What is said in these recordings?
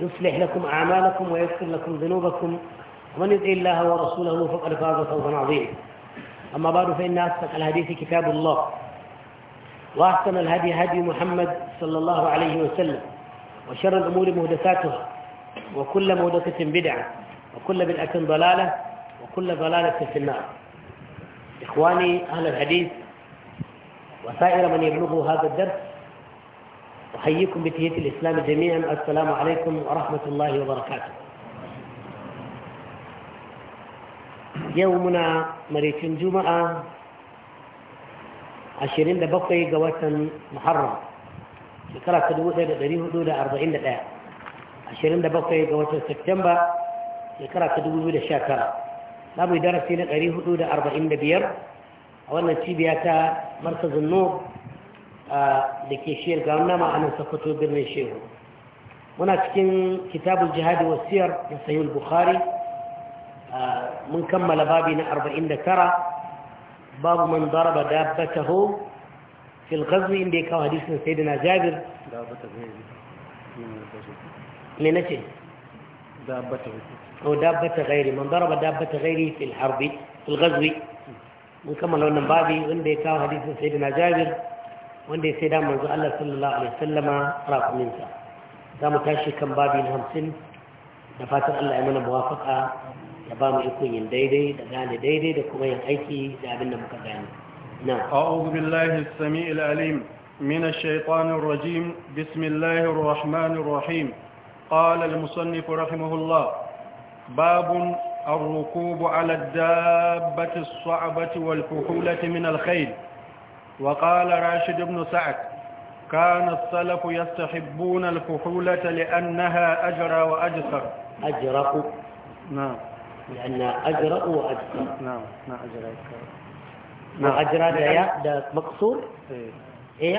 يصلح لكم أعمالكم ويغفر لكم ذنوبكم ومن يطع الله ورسوله فقد فاز فوزا عظيما أما بعد فإن أصدق الحديث كتاب الله وأحسن الهدي هدي محمد صلى الله عليه وسلم وشر الأمور مهدساتها وكل مهدسة بدعة وكل بدعة ضلالة وكل ضلالة في النار إخواني أهل الحديث وسائر من يبلغ هذا الدرس أحييكم بتهية الإسلام جميعا السلام عليكم ورحمة الله وبركاته يومنا مريت جمعة عشرين دبقي قوة محرم شكرا كدوء دا دريه دولة أربعين دقاء عشرين دبقي قوة سبتمبر شكرا كدوء دا شاكرا لابو درسي لقريه دولة أربعين دبير أولا تشيبياتا مركز النور آه، لكيشير قالنا ما أنا سقطوا برنشيه هناك كتاب الجهاد والسير لصحيح البخاري آه، من كمل بابنا أربعين ترى باب من ضرب دابته في الغزو إن ديكا وحديث سيدنا جابر دابته غيري من نشي دابته أو دابته غيري من ضرب دابته غيري في الحرب في الغزو من كمل بابي إن ديكا وحديث سيدنا جابر wanda ya sai da manzo Allah sallallahu alaihi wasallama rakuminsa za mu tashi kan babi na hamsin da fatan Allah ya mana muwafaka ya ba mu ikon yin daidai da gane daidai da kuma yin aiki da abin da muka gane na a'udhu billahi as-sami'il alim min ash-shaytanir rajim bismillahir rahmanir rahim qala al-musannif rahimahullah babun الركوب على wal الصعبة والكحولة من الخيل وقال راشد بن سعد كان السلف يستحبون الكحولة لأنها أجرى وأجسر أجرق نعم لأن أجرق وأجسر نعم ما نعم، أجرى ما نعم. نعم. أجرى ده, ده مقصور إيه إيه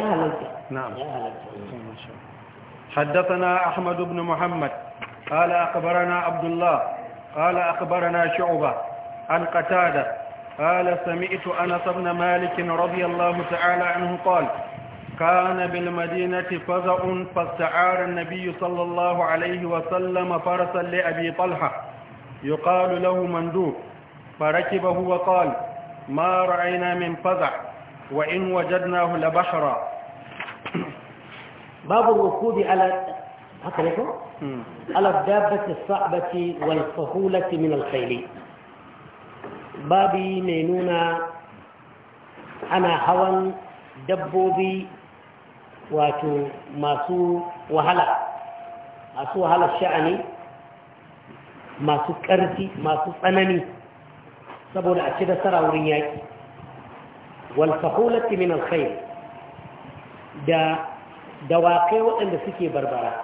نعم إيه هلنسى حدثنا أحمد بن محمد قال أخبرنا عبد الله قال أخبرنا شعبة عن قتادة قال سمعت أنس بن مالك رضي الله تعالى عنه قال كان بالمدينة فزع فاستعار النبي صلى الله عليه وسلم فرسا لأبي طلحة يقال له مندوب فركبه وقال ما رأينا من فزع وإن وجدناه لبحرا باب الركود على على الدابة الصعبة والصهولة من الخيل babi mai nuna ana hawan dabbobi wato masu wahala masu wahalar sha'ani masu ƙarfi masu tsanani saboda a ci da tsara wurin yaƙi walfahulati min alkhair da dawakai waɗanda suke barbara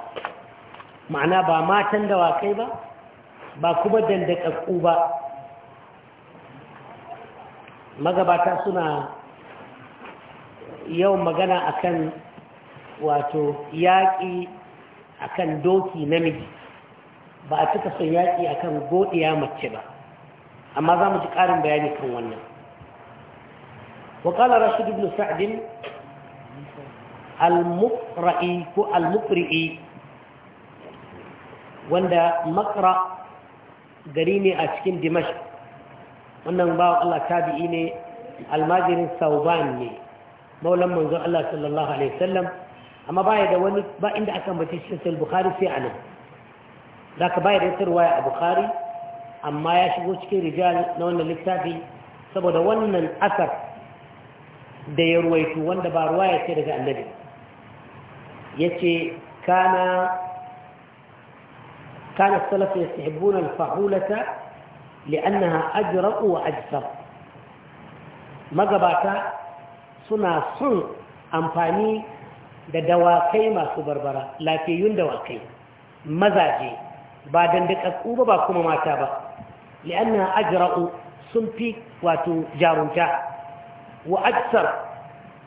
ma'ana ba matan dawakai ba ba kuma dandakakku ba magabata suna yawan magana akan wato yaƙi akan doki namiji ba a cika son yaƙi akan godiya mace ba amma za mu ji ƙarin bayani kan wannan وقال رشيد بن سعد ko كو المقرئي وندا مقرأ gari ne a cikin dimashq wannan bawan Allah tabi'i ne almajirin sauban ne maulan manzon Allah sallallahu alaihi wasallam amma baya da wani ba inda aka mace shi sai bukhari sai anan zaka baya da tarwaya a bukhari amma ya shigo cikin rijal na wannan littafi saboda wannan asar da ya ruwaito wanda ba ruwaya ce daga annabi yace kana kana salafu yastahibbuna al li'annaha ajra'u wa ajsar magabata suna son amfani da dawakai masu barbara lafiyayyun dawakai mazaje ba dandakakku ba ba kuma mata ba li'annaha ajra'u sun fi wato jarunta wa ajsar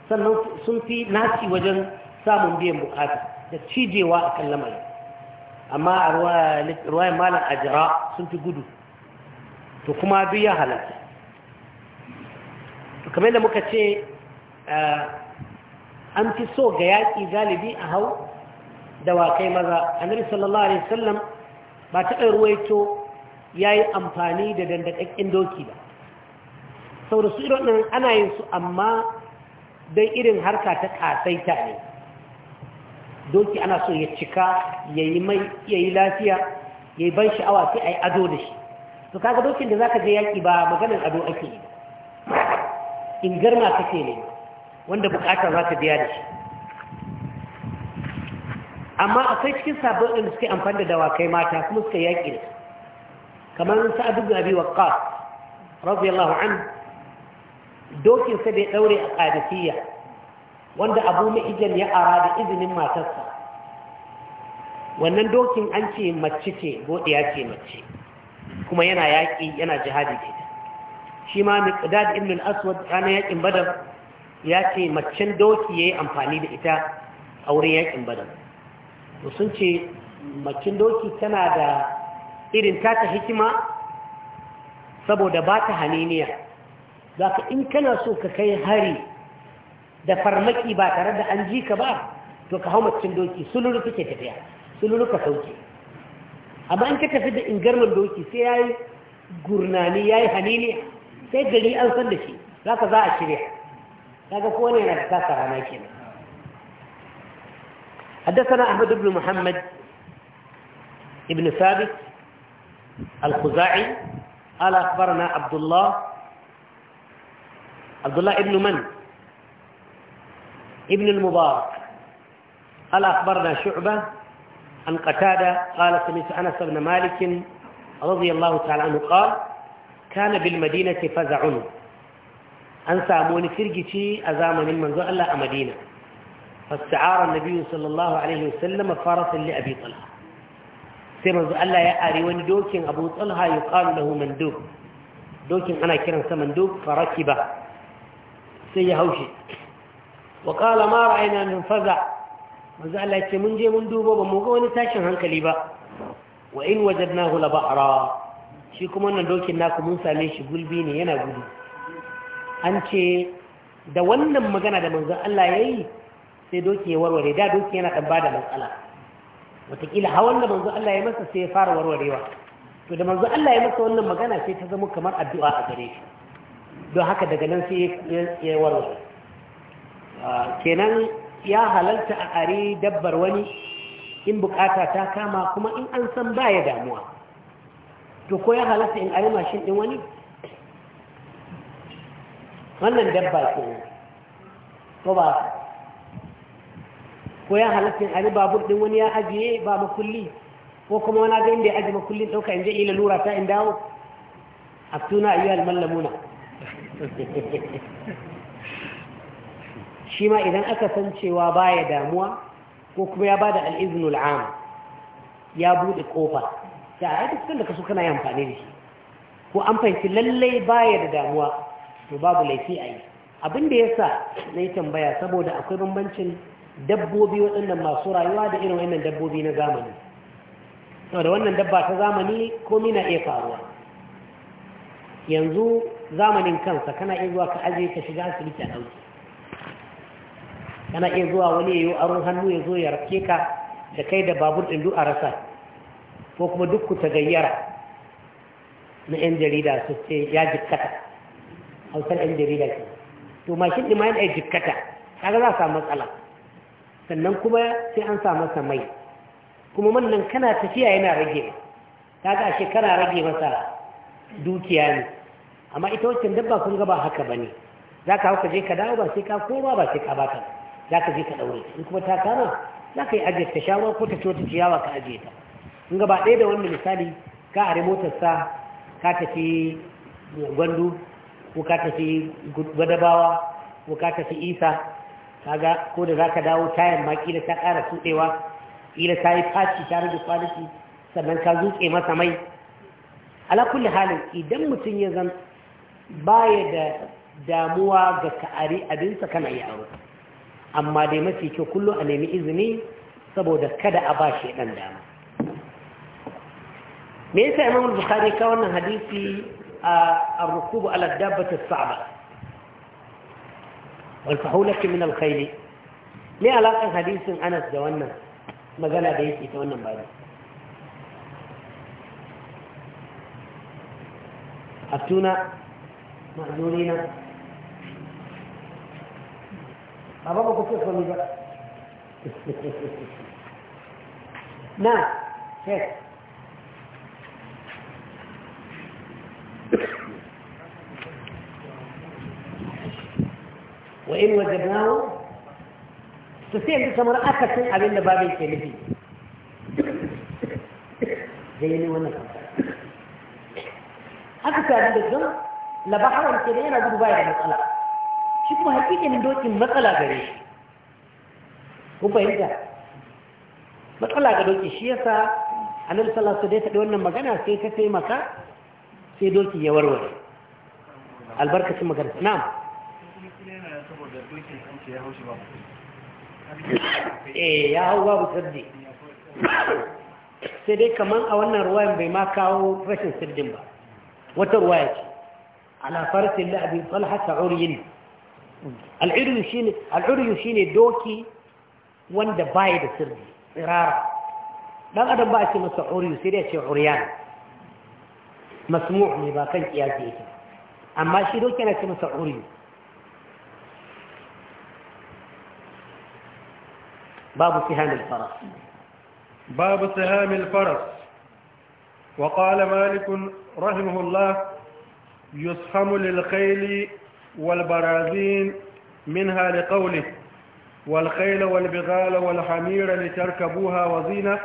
sannan sun fi naci wajen samun biyan bukata da cijewa a kan lamarin amma a ruwayan malam ajira sun fi gudu to kuma duk ya halatta kamar da muka ce eh, an fi so ga yaƙi galibi a hau da dawakai maza annabi sallallahu alaihi wasallam ba ta taɓa ruwaito ya yi amfani da dandakakken doki ba sau da su irin ana yin su amma don irin harka ta ta ne doki ana so ya cika ya yi lafiya ya yi ban sha'awa sai a yi ado da shi su kaga dokin da zaka je yaki ba maganar ado ake yi in garma kake ne wanda bukatar za biya da shi amma akwai cikin sabon ɗin suke amfani da dawakai mata kuma suka yaƙi da kamar sa'ad ibn abi waqqas radiyallahu an dokin sa bai daure a qadisiyya wanda abu mu'ijjan ya ara da izinin matarsa wannan dokin an ce mace ce godiya ce mace kuma yana yaƙi yana jihadi da shi ma miqdad ibn al-aswad ranar yaƙin badar ya ce macen doki ya yi amfani da ita a wurin yaƙin badar to sun ce macen doki tana da irin tata hikima saboda ba ta haniniya ka in kana so ka kai hari da farmaki ba tare da an ji ka ba to ka hau macen doki sululu ke tafiya suluru ka sauke amma in ka tafi da ingarman doki sai ya yi gurnani ya yi hanini sai gari an san da shi za ka za a shirya kaga ko ne yana da kasa rana ke nan حدثنا أحمد بن محمد بن ثابت الخزاعي قال أخبرنا عبد الله عبد الله ابن من ابن المبارك قال أخبرنا شعبة عن قتادة قال سمعت أنس بن مالك رضي الله تعالى عنه قال كان بالمدينة فزع أن ساموني فرقتي أزامن المنزو ألا أمدينة فاستعار النبي صلى الله عليه وسلم فرسا لأبي طلحة سيمنزو ألا يأري وندوكين أبو طلحة يقال له مندوب دوكين أنا كرنس مندوب فركبه سيهوشي وقال ما رأينا من فزع manzo Allah ce mun je mun dubo ba mu ga wani tashin hankali ba wa in wajadnahu la ba'ra shi kuma wannan dokin naku mun same shi gulbi ne yana gudu an ce da wannan magana da manzo Allah yayi sai doki ya warware da doki yana dan bada matsala wataƙila hawan da manzo Allah ya masa sai ya fara warwarewa to da manzo Allah ya masa wannan magana sai ta zama kamar addu'a a gare shi don haka daga nan sai ya warware ah, kenan ya halalta a are dabbar wani in bukata ta kama kuma in an san baya damuwa to ko ya halalta in are mashin din wani wannan dabba ce ko ba ko ya halalta in are babur din wani ya ajiye ba makulli ko kuma wani ga inda ya ajiye makullin dauka in je ila lura ta in dawo aftuna ayyuhal mallamuna shi ma idan aka san cewa ba ya damuwa ko kuma ya ba da al'izinul am ya buɗe kofa da a duk da kaso kana yi amfani da shi ko an fahimci lallai ba ya da damuwa to babu laifi a yi abin da ya sa na yi tambaya saboda akwai bambancin dabbobi waɗannan masu rayuwa da irin wannan dabbobi na zamani da wannan dabba ta zamani komi na iya faruwa yanzu zamanin kansa kana iya zuwa ka ajiye ka shiga asibiti a ɗauki kana iya zuwa wani ya yayo aron hannu ya zo ya rafke ka da kai da babur ɗin duk a rasa ko kuma duk ku ta gayyara na yan jarida su ce ya jikkata hausar yan jarida ce to mashin ɗin ma yana jikkata kaga za a samu matsala sannan kuma sai an sa masa mai kuma man kana tafiya yana rage kaga a shekara rage masa dukiya ne amma ita wacce dabba kun ga ba haka bane za ka hau ka je ka dawo ba sai ka koma ba sai ka baka ba za ka je ka ɗaure in kuma ta kama za ka yi ajiye ta shawa ko ta wata ciyawa ka ajiye ta in gaba ɗaya da wannan misali ka a sa ka tafi gwandu ko ka tafi gwadabawa ko ka tafi isa kaga ko da za ka dawo tayan ma kila ta ƙara tuɗewa Ila ta yi faci ta rage kwanaki sannan ka zuƙe masa mai ala kulli halin idan mutum ya zan baya da damuwa ga ka'ari abinsa kana yi aure amma dai mafi kyau kullum a nemi izini saboda kada a ba shi ɗan dama me yasa imam bukhari ka wannan hadisi a ar-rukubu ala dabbati as-sa'ba wal fahulati min al-khayl me alaƙan hadisin Anas da wannan magana da yake ta wannan bayani Abtuna ma'zurina أبغى أقول كيف ولا نعم كيف وإن وجدناه تصير بسم الله أكثر شيء على الباب الكلبي زيني وانا أكثر من ذلك لبحر الكلبي أقول بايع المسألة shi kuma hakikanin dokin matsala gare shi Ko fahimta matsala ga dokin shi yasa annabi sallallahu alaihi wasallam da wannan magana sai ta taimaka sai dokin ya warware albarkacin magana na'am eh ya hau babu sirdi sai dai kaman a wannan ruwayan bai ma kawo rashin sirdin ba wata ruwaya ce ala farsin la'abin talha ta'uriyin العري شيني العري شيني دوكي وند باي ده سيرجي قرار دان ادم باي شي عري سيري شي عريان مسموع لي با كان قياسيته اما شي انا شي عري باب سهام الفرس باب سهام الفرس وقال مالك رحمه الله يسهم للخيل والبرازين منها لقوله والخيل والبغال والحمير لتركبوها وزينة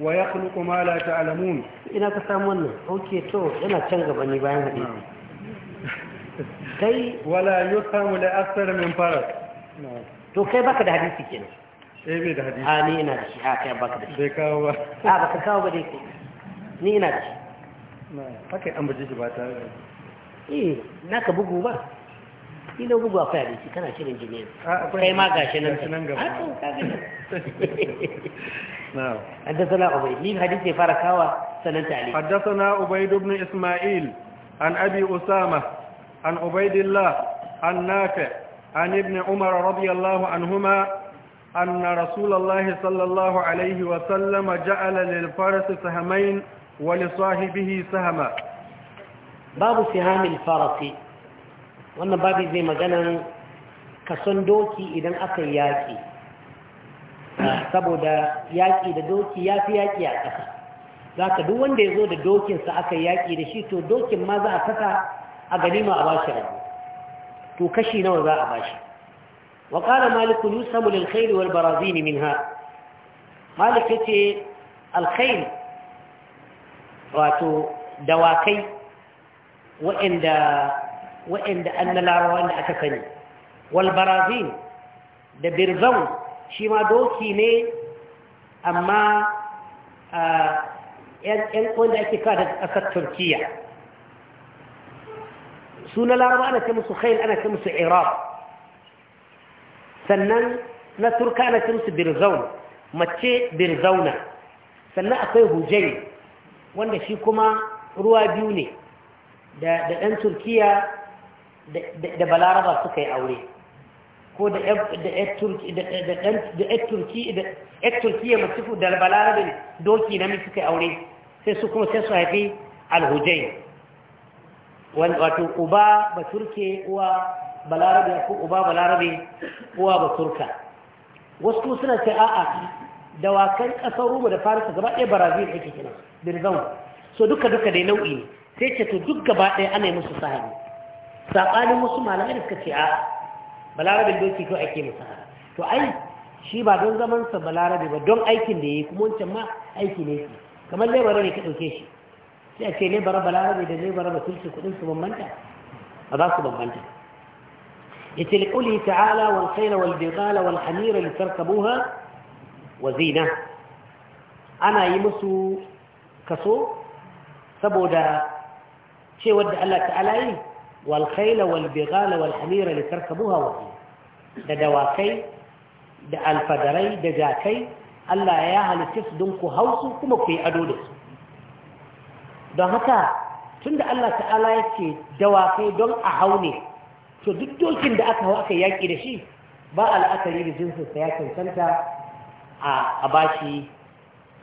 ويخلق ما لا تعلمون ina ka samu wannan oke to ina can gaba ne bayan hadisi kai wala yusamu la akthar min faras to kai baka da hadisi kenan eh bai da hadisi a ni ina da shi a kai baka da shi bai kawo ba a baka kawo ba dai ni ina da shi na an baje shi tare da eh naka bugu ba kana shirin ah, kai ma gashi nan nan gaba حدثنا عبيد حدثنا عبيد بن إسماعيل عن أبي أسامة عن عبيد الله عن نافع عن ابن عمر رضي الله عنهما أن رسول الله صلى الله عليه وسلم جعل للفرس سهمين ولصاحبه سهما باب سهام الفرس wannan babi zai maganan kason doki idan aka yi yaƙi saboda yaƙi da doki ya fi yaƙi a ƙasa za ka duk wanda ya zo da dokinsa aka yi yaƙi da shi to dokin ma za a kasa a ganima a bashi rabu to kashi nawa za a bashi wa ƙara malikun yusamu lil khairi wal barazini min ha malik ce alkhairi wato dawakai waɗanda waɗanda an na larawa wanda aka sani walbarazin da birzon shi ma doki ne amma ‘yan wanda ake kawo daga ƙasar turkiya su na larawa ana ce musu khail ana ce musu iraq sannan na turka ana ce musu birzon mace birzauna sannan akwai hujjai wanda shi kuma ruwa biyu ne da ɗan turkiya da balaraba suka yi aure ko da ‘yar turkiyya masu da balarabin doki na mai suka yi aure sai su kuma sai su haifi alhujai wato uba ba turke uwa balarabe ko uba balarabe uwa ba turka wasu suna ce a'a dawakan ƙasar roma da farisa gaba ɗaya brazil ake kina birzaun so duka duka dai nau'i sai ce to duk gaba ɗaya ana yi musu sahani saɓanin wasu malamai da suka ce a balarabin doki kawai ake masa to ai shi ba don zamansa balarabe ba don aikin da ya yi kuma wancan ma aiki ne ke. kamar lebara ne ka ɗauke shi sai a ce lebara balarabe da lebara ba sulci kuɗin su bambanta ba za su bambanta ya ce liƙuli ta'ala wal khaila wal bighala wal hamira li tarkabuha wa zina ana yi musu kaso saboda cewar da Allah ta'ala yi wal khayla wal bighala wal hamira da dawakai da alfadarai da jakai Allah ya halitta su don ku hausu kuma ku yi ado da su don haka tunda Allah ta'ala yake dawakai don a haune to duk dokin da aka hau aka yaƙi da shi ba al'akari da jinsinsa ya cancanta a bashi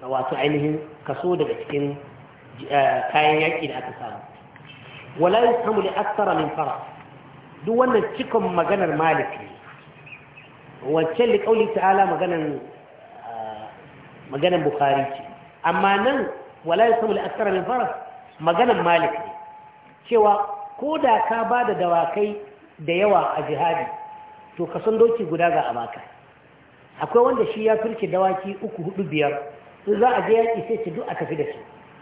wato ainihin kaso daga cikin kayan yaƙi da aka samu wala yusamu li aksara min fara duk wannan cikon maganar maliki ne wancan li ta'ala maganar ah, maganar bukhari ce amma nan wala yusamu li aksara min fara maganar maliki ne cewa ko da ka ba da dawakai da yawa a jihadi to ka san doki guda ga abaka akwai wanda shi ya firke dawaki uku hudu biyar in za a je yaƙi sai ci duk a tafi da shi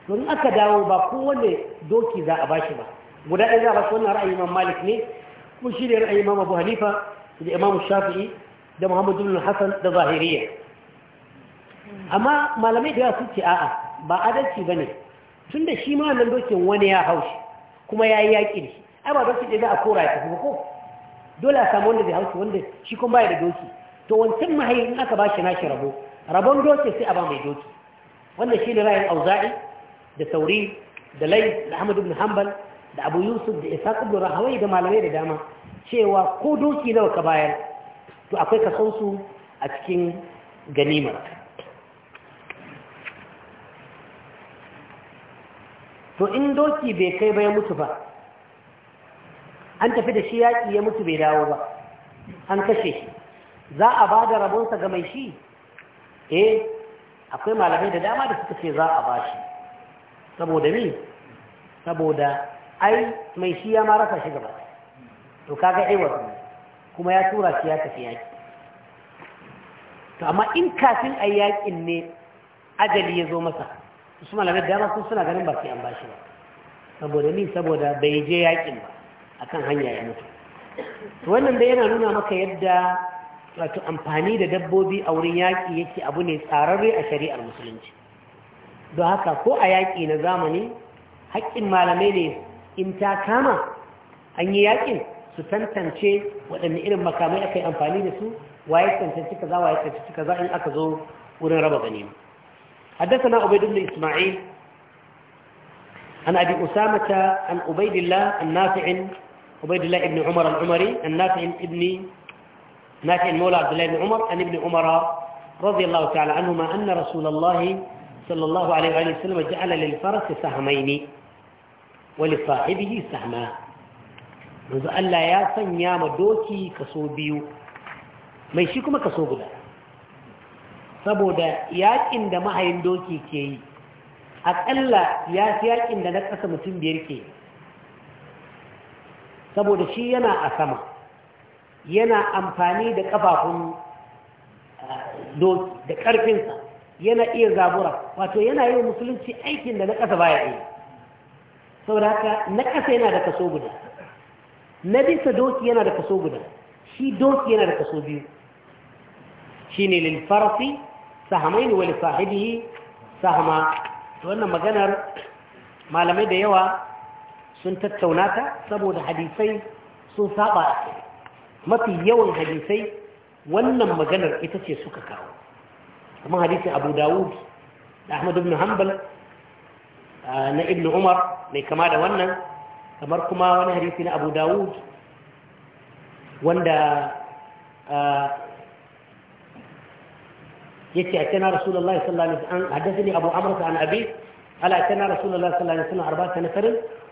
don aka dawo ba kowane doki za a bashi ba guda ɗaya za a basu wannan ra'ayin imam malik ne kuma shi ne ra'ayi imam abu hanifa da imam shafi'i da muhammadu bin hassan da zahiriya amma malamai da yawa sun ce a'a ba adalci ba ne tun da shi ma nan dokin wani ya haushi kuma ya yi yaƙi da shi ai ba dokin da za a kora ya tafi ba ko dole a samu wanda zai haushi wanda shi kuma baya da doki to wancan mahayi in aka ba shi nashi rabo rabon doki sai a ba mai doki wannan shi ne ra'ayin auza'i da sauri da lai da Ahmadu ibn hanbal da abu yusuf da isa ibn rahawai da malamai da dama cewa ko doki nawa ka bayar to akwai kason a cikin ganima to in doki bai kai ba ya mutu ba an tafi da shi yaƙi ya mutu bai dawo ba an kashe shi za a ba da rabonsa ga mai shi eh akwai malamai da dama da suka ce za a ba shi saboda ni saboda ai mai shi ya ma rasa shi gaba to kaga aiwa kuma ya tura shi ya tafi yaki to amma in kafin a yakin ne ajali ya zo masa su malamai dama sun suna ganin ba sai an bashi ba saboda ni saboda bai je yakin ba akan hanya ya mutu to wannan dai yana nuna maka yadda wato amfani da dabbobi a wurin yaƙi yake abu ne tsararre a shari'ar musulunci don haka ko a yaƙi na zamani haƙƙin malamai ne in ta kama an yi yakin su tantance waɗanne irin makamai aka yi amfani da su waye tantance kaza waye tantance kaza in aka zo wurin raba حدثنا عبيد بن إسماعيل عن أبي أسامة عن ابيد الله النافع ابيد الله بن عمر العمري النافع ابن نافع مولى عبد الله بن عمر عن ابن عمر رضي الله تعالى عنهما أن رسول الله صلى الله عليه وآله وسلم جعل للفرس سهمين wali sahibihi sahma yanzu Allah ya sanya ma doki kaso biyu mai shi kuma kaso guda saboda yakin da mahayin doki ke yi aƙalla ya fi yakin da na ƙasa mutum biyar ke saboda shi yana a sama yana amfani da ƙafafun da ƙarfinsa yana iya zabura wato yana yi musulunci aikin da na ƙasa baya yi saboda haka na ƙasa yana da kaso guda na bisa doki yana da kaso guda shi doki yana da kaso biyu shi ne lilfarasi sahamai ne wani sahibi. sahama wannan maganar malamai da yawa sun tattauna ta saboda hadisai sun saba mafi yawan hadisai wannan maganar ita ce suka kawo kuma hadisin abu dawud da Ahmadu ibn hanbal na ibn umar mai kama da wannan kamar kuma wani hadisi na abu dawud wanda يتي أتنا رسول الله صلى الله عليه وسلم حدثني أبو عمرو عن أبي قال أتنا رسول الله صلى الله عليه وسلم أربعة نفر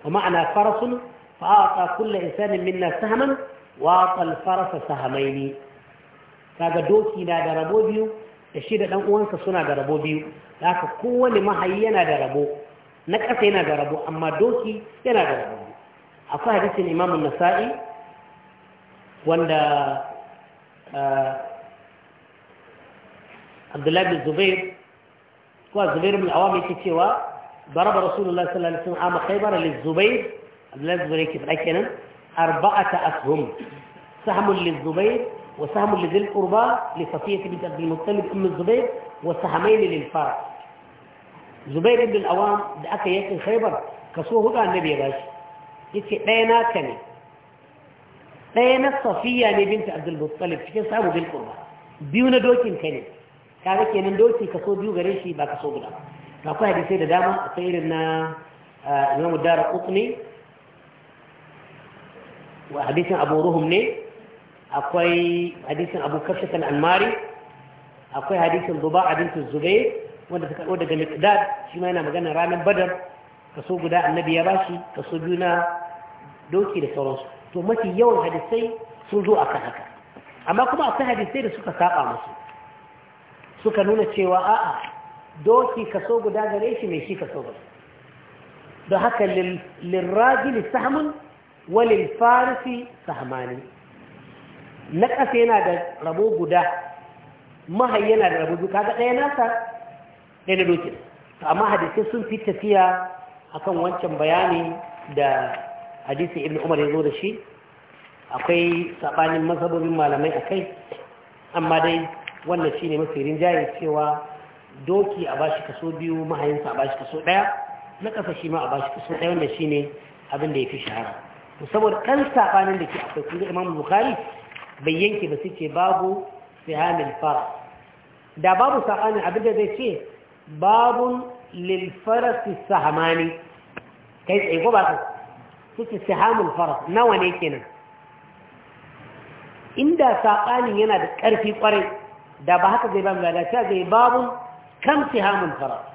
ومعنا فرس فأعطى كل إنسان منا سهما وأعطى الفرس سهمين kaga doki na da rabo biyu da shi da ɗan uwansa suna da rabo biyu da haka kowane mahayi yana da rabo na ƙasa yana da rabu amma doki yana da rabu akwai hadisin imamun nasa'i wanda uh, abdullabi zubair kuwa zubair mai awa mai cewa baraba rasulullah sallallahu alaihi wasallam kai bara lizubair abdullabi zubair yake fara kenan arba'ata ashum sahmun lizubair wa sahmun lizil kurba lifafiyar kibin abdullabi mutalib ummin zubair wa sahamaini lilfara zubair ibn awam da aka yankin khaibar kaso hudu annabi ya bashi yace ɗaya naka ne ɗaya na safiya ne binta abdul muttalib cikin samu bil qurba biyu na dokin ka ne kaga kenan doki kaso biyu gare shi ba kaso guda akwai hadisai da dama akwai irin na ah, imamu dara wa hadisin abu ruhum ne akwai hadisin abu kashif al-anmari akwai hadisin a abintu zubair wanda ta karɓo daga miqdad shi ma yana magana ranar badar kaso guda annabi ya bashi kaso biyu na doki da sauransu to mafi yawan hadisai sun zo akan haka amma kuma akwai hadisai da suka saba musu suka nuna cewa a'a doki kaso guda gare shi mai shi kaso guda da haka lirrajili sahamun walil farisi sahamani na ƙasa yana da rabo guda mahai yana da rabo duka ga ɗaya nasa ɗaya na dokin amma hadisai sun fi tafiya akan wancan bayani da hadisi ibn umar ya zo da shi akwai saɓanin mazhabobin malamai a kai amma dai wannan shi ne mafi rinjaye cewa doki a bashi kaso biyu mahayinsa a bashi kaso ɗaya na ƙasa shi ma a bashi kaso ɗaya wanda shi ne abin da ya fi shahara saboda kan saɓanin da ke akwai imam bukari bai yanke ba su ce babu sihamin fara da babu saɓanin abin da zai ce Babu lilfarasi sahamani kai tsaye ko ba ka suke sahamun faras nawa ne kenan inda saƙanin yana da ƙarfi ƙwarai da ba haka zai ba mu lalata zai babun kam sahamun faras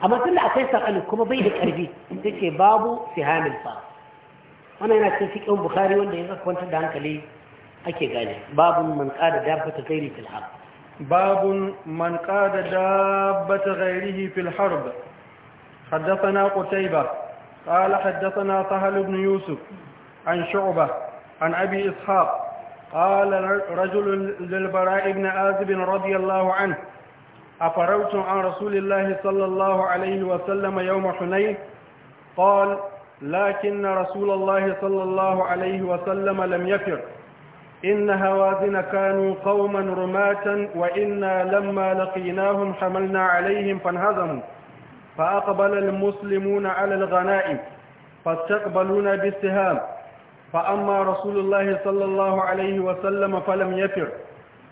amma tun da akwai saɓanin kuma bai da ƙarfi ta ce babu sahamun faras wannan yana cikin fiƙin wanda ya kwantar da hankali ake gane Babu man ƙada dabbata gairi filhar باب من قاد دابة غيره في الحرب حدثنا قتيبة قال حدثنا طهل بن يوسف عن شعبة عن أبي إسحاق قال رجل للبراء بن آزب رضي الله عنه أفروت عن رسول الله صلى الله عليه وسلم يوم حنين قال لكن رسول الله صلى الله عليه وسلم لم يفر إن هوازن كانوا قوما رماة وإنا لما لقيناهم حملنا عليهم فانهزموا فأقبل المسلمون على الغنائم فاستقبلونا بالسهام فأما رسول الله صلى الله عليه وسلم فلم يفر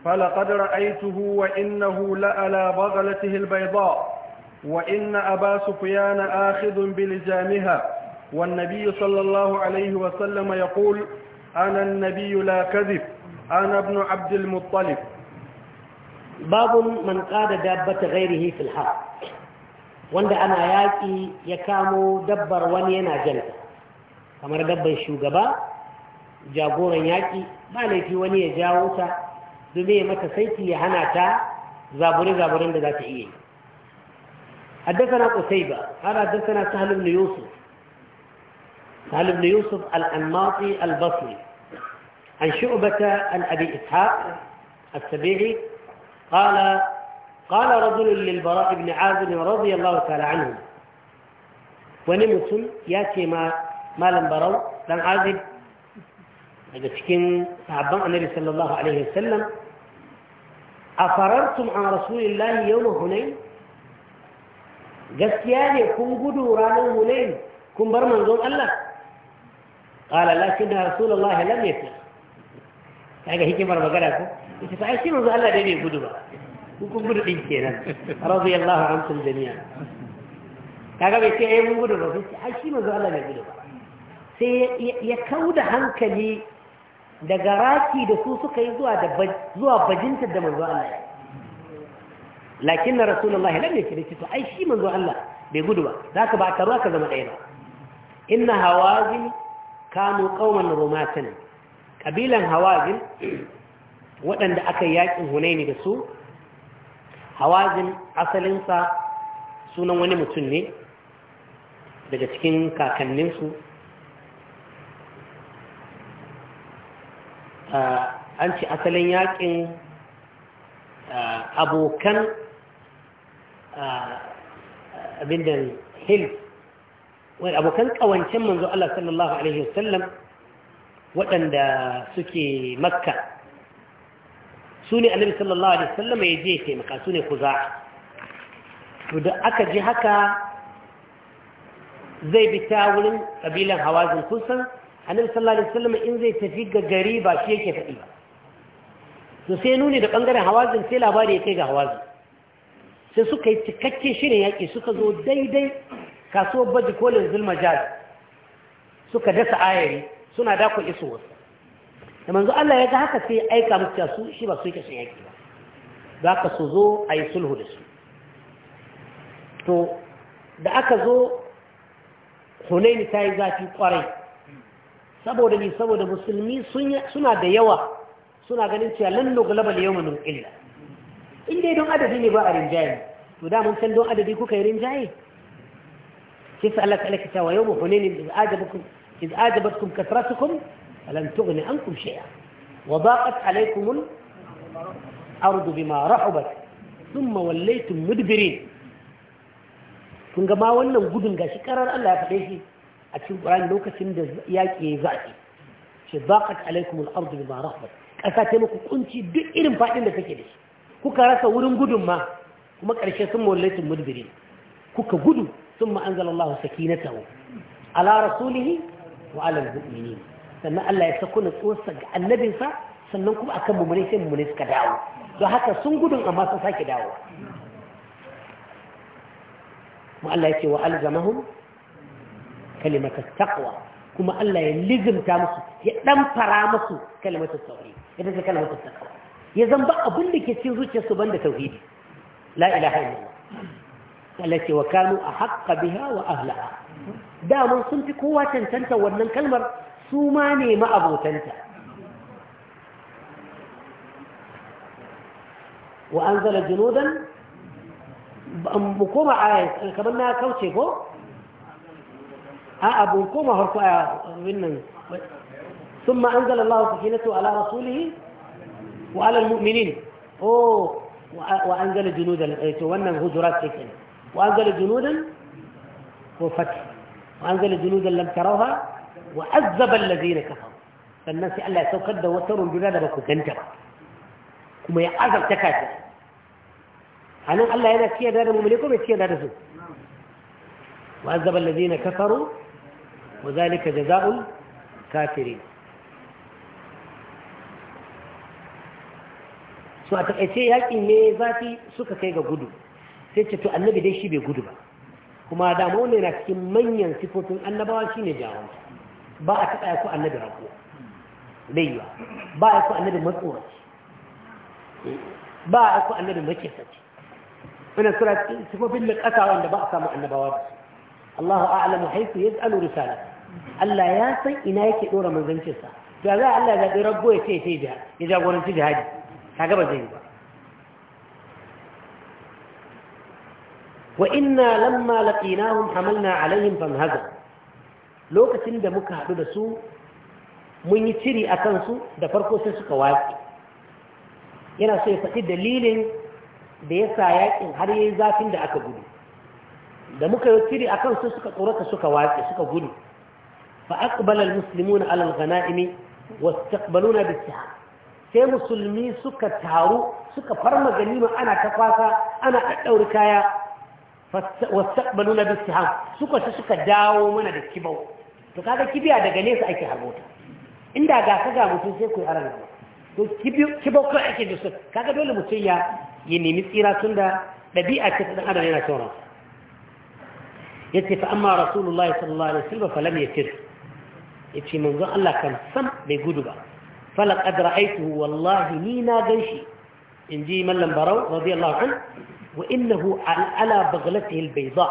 فلقد رأيته وإنه لألا بغلته البيضاء وإن أبا سفيان آخذ بلجامها والنبي صلى الله عليه وسلم يقول أنا النبي لا كذب أنا ابن عبد المطلب باب من قاد دابة غيره في wanda ana yaƙi ya kamo dabbar wani yana janta kamar dabbar shugaba jagoran yaƙi ba laifi wani ya jawo ta domin ya mata saiti ya hana ta zaburi-zaburin da za ta iya yi haddasa na ƙusai ba har haddasa na sahalin da yusuf قال ابن يوسف الأنماطي البصري عن شعبة الأبي إسحاق السبيعي قال قال رجل للبراء بن عازم رضي الله تعالى عنه ونمس ياتي ما ما لم بروا لم عازب لكن صعب النبي صلى الله عليه وسلم أفررتم عن رسول الله يوم هنين قسياني كن قدوا رانو هنين كن برمان زون الله قال لكن رسول الله لم يسمع kaga hikimar magana ko ita fa shi manzo Allah dai bai gudu ba ku kun gudu din kenan radiyallahu ankum jami'a kaga bai ce eh mun gudu ba sai shi manzo Allah bai gudu ba sai ya kauda hankali daga raki da su suka yi zuwa da zuwa bajinta da manzo Allah lakin na rasulullahi lam yakid to ai shi manzo Allah bai gudu ba zaka ba ka ruwa ka zama ɗaya ba inna hawazin kanu qauman rumatan kabilan hawazin waɗanda aka yakin hunaini da su hawazin asalinsa sunan wani mutum ne daga cikin kakanninsu ah, an ci asalin yakin ah, abokan ah, abin da hill wani abokan ƙawancen manzo Allah sallallahu Alaihi wasallam waɗanda suke makka su ne annabi sallallahu Alaihi wasallam ya je taimaka su ne kuza to da aka ji haka zai bi ta wurin ƙabilan hawazin kusan annabi sallallahu Alaihi wasallam in zai tafi ga gari ba shi yake faɗi ba to sai nuni da ɓangaren hawazin sai labari ya kai ga hawazin sai suka yi cikakken shirin yaƙi suka zo daidai kasuwar baji kolin jaz suka dasa ayari suna dakon iso da manzo Allah ya ga haka sai ya aika musu su shi ba su yake son yaki ba za ka su zo a yi sulhu da su to da aka zo hunaini ta yi zafi kwarai saboda ni saboda musulmi suna da yawa suna ganin cewa lan nuglaba da yawmin illa in dai don adadi ne ba a rinjaye to da mun san don adadi kuka yi rinjaye كيف الله تعالى كتاب ويوم حنين إذ أعجبكم إذ أعجبتكم كثرتكم فلم تغن عنكم شيئا وضاقت عليكم الأرض بما رحبت ثم وليتم مدبرين kun ga ma wannan gudun gashi karar Allah ya faɗe shi a cikin Qur'ani lokacin da yaƙi ya zaɓi shi baqat alaikum al-ardu bima rahbat ƙasa ta muku kunci duk irin faɗin da kake da shi kuka rasa wurin gudun ma kuma ƙarshe sun mawallaitin mudbirin kuka gudu ثم أنزل الله سكينته على رسوله وعلى المؤمنين سنة الله يسكن توسع النبي صلى sannan kuma akan mummune sai mummune suka dawo don haka sun gudun amma sun sake dawo mu Allah ya ce wa alzamahum kalimatat taqwa kuma Allah ya lizimta musu ya dan fara musu kalimatat tauhid ita ce kalimatat taqwa ya zamba abin da ke cikin zuciyarsu banda tauhidi la ilaha illallah التي وكانوا أحق بها وأهلها دام سنت قوة تنتا ونن كلمة سوماني ما أبو تنتا وأنزل جنودا بكم آية كمان كوتشي هو أبوكم هركو ثم أنزل الله سكينته على رسوله وعلى المؤمنين أوه وأنزل جنودا وأنه هجرات كده وأنزل جنودا وفتح وأنزل جنودا لم تروها وعذب الذين كفروا فالناس ألا يتوقد وتر الجنود بكو كنتبا كما يعذب تكاتب أنا ألا أنا كي أدار مملكم يتكي أدار سوء وعذب الذين كفروا وذلك جزاء الكافرين su a taƙaice yaƙi ne zafi suka kai ga gudu sai ce to annabi dai shi bai gudu ba kuma da mauna yana cikin manyan sifofin annabawa ne jawon ba a taɓa yaku annabi rago laiwa ba a yaku annabi matsoraci ba a yaku annabi makisaci ina sura sifofin da ƙasa wanda ba a samu annabawa ba Allahu a'lamu haythu yaj'alu risalata Allah ya san ina yake ɗora manzancinsa to ya za Allah ya zaɓi rago ya ce sai ya jagoranci jihadi ta gaba zai yi ba وإنا لما لقيناهم lokacin da muka لوكتين da su mun yi ciri a kansu da farko sai suka كواكي yana so ya faɗi dalilin da ya sa yakin har yi zafin da aka gudu da muka yi ciri a kansu suka tsorata suka waƙe suka gudu fa aqbala almuslimuna ala alghanaimi wastaqbaluna bisiha sai musulmi suka taru suka farma ganima ana ta kwasa ana daddaure kaya wastaqbalu na bistiham suka ta suka dawo mana da kibau to kaga kibiya daga nesa ake harbota inda ga ka ga mutum sai ku aran to kibau kai ake da su kaga dole mutum ya yi nemi tsira tun da ɗabi'a ce ta dan yana tsora fa amma rasulullahi sallallahu alaihi wasallam falam ya ce manzo Allah kan sam bai gudu ba falak adra ra'aytuhu wallahi ni na ganshi inji Mallam barau radiyallahu anhu wa innahu ala baghlatihi albayda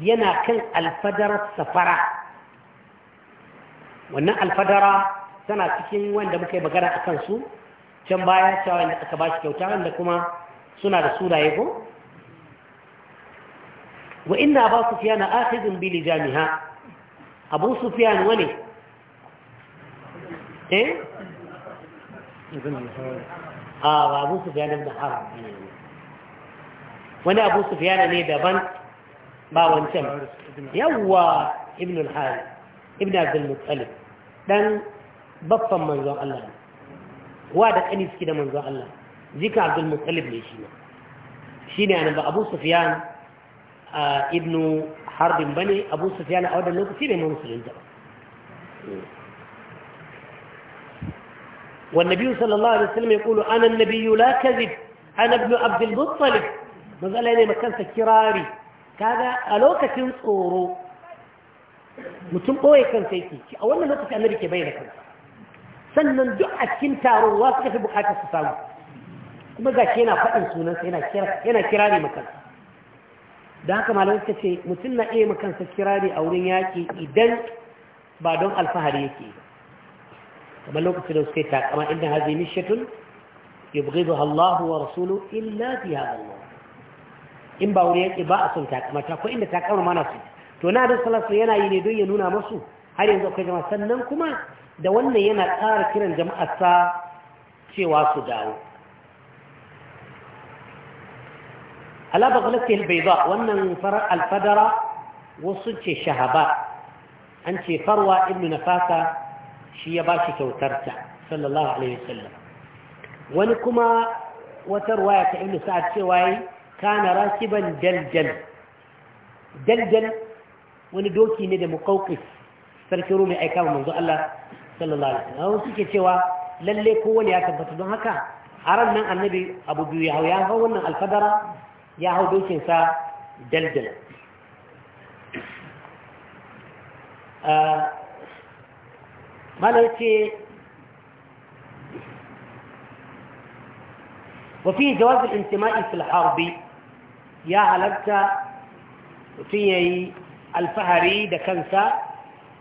yana kan alfadarar safara wannan alfadara tana cikin wanda muka yi magana a kansu can baya cewa wanda aka ba kyauta wanda kuma suna da sunaye ko wa inna eh? ah, ba su fiya na akhidun bili jami'a wani abu su sufiyana ne daban ba wancan yawwa ibn al-hari ibn abdul muttalib dan baffan manzon Allah wa da kani suke da manzon Allah zika abdul muttalib ne shi ne anan ba abu sufyan ibn harb bane abu sufyan a wannan lokaci ne musulunci ba والنبي صلى الله عليه وسلم يقول أنا النبي لا كذب أنا ابن عبد المطلب manzala ne makansa kirari kaga a lokacin tsoro mutum ɓoye kansa yake a wannan lokacin annabi ke bayyana kansa sannan duk a cikin taron wa suka fi bukatar su samu kuma ga yana faɗin sunansa yana kirari makansa da haka malamai ta ce mutum na iya makansa kirari a wurin yaƙi idan ba don alfahari yake ba kamar lokacin da suka yi takama inda hazimi shatun yubghidu Allah wa rasulu illa fi hadha Allah in ba wuri yake ba a son takamata ko inda takamar mana su to na da salasu yana yi ne don ya nuna masu har yanzu akwai jama'a sannan kuma da wannan yana tsara kiran jama'arsa cewa su dawo alaba bai ba wannan farar alfadara wasu ce shahaba an ce farwa ibnu nafasa shi ya bashi ta sallallahu alaihi wasallam wani kuma wata ruwaya ta ibnu sa'ad cewa yi كان راكبا دلجل دلجل ولدوكي ندى مقوقف فالكرو من أيكام منذ الله صلى الله عليه وسلم أو سيكي شوى للي كون يا كبت دون هكا أردنا النبي أبو بيو يهو يهو ونن الفدرة يهو دوكي سا دلجل آه لكي وفيه جواز الانتماء في الحرب يا علاقتا في الفهري ده كانسا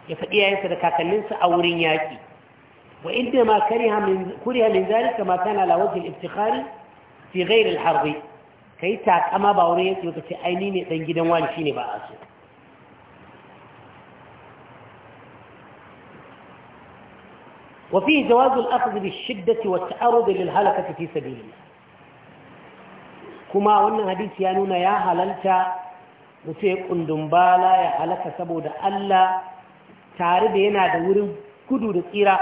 يتقيايسا ده كاكلنسا اورين ياكي وانما كره من كره من ذلك ما كان على وجه الافتخار في غير الحرب كي تاكما باوريه تي وتتي ايني ني دان شيني با وفيه جواز الاخذ بالشده والتعرض للهلكه في سبيل الله kuma wannan hadisi ya nuna ya halalta mutum ya kundumbala ya halaka saboda Allah tare da yana da wurin gudu da tsira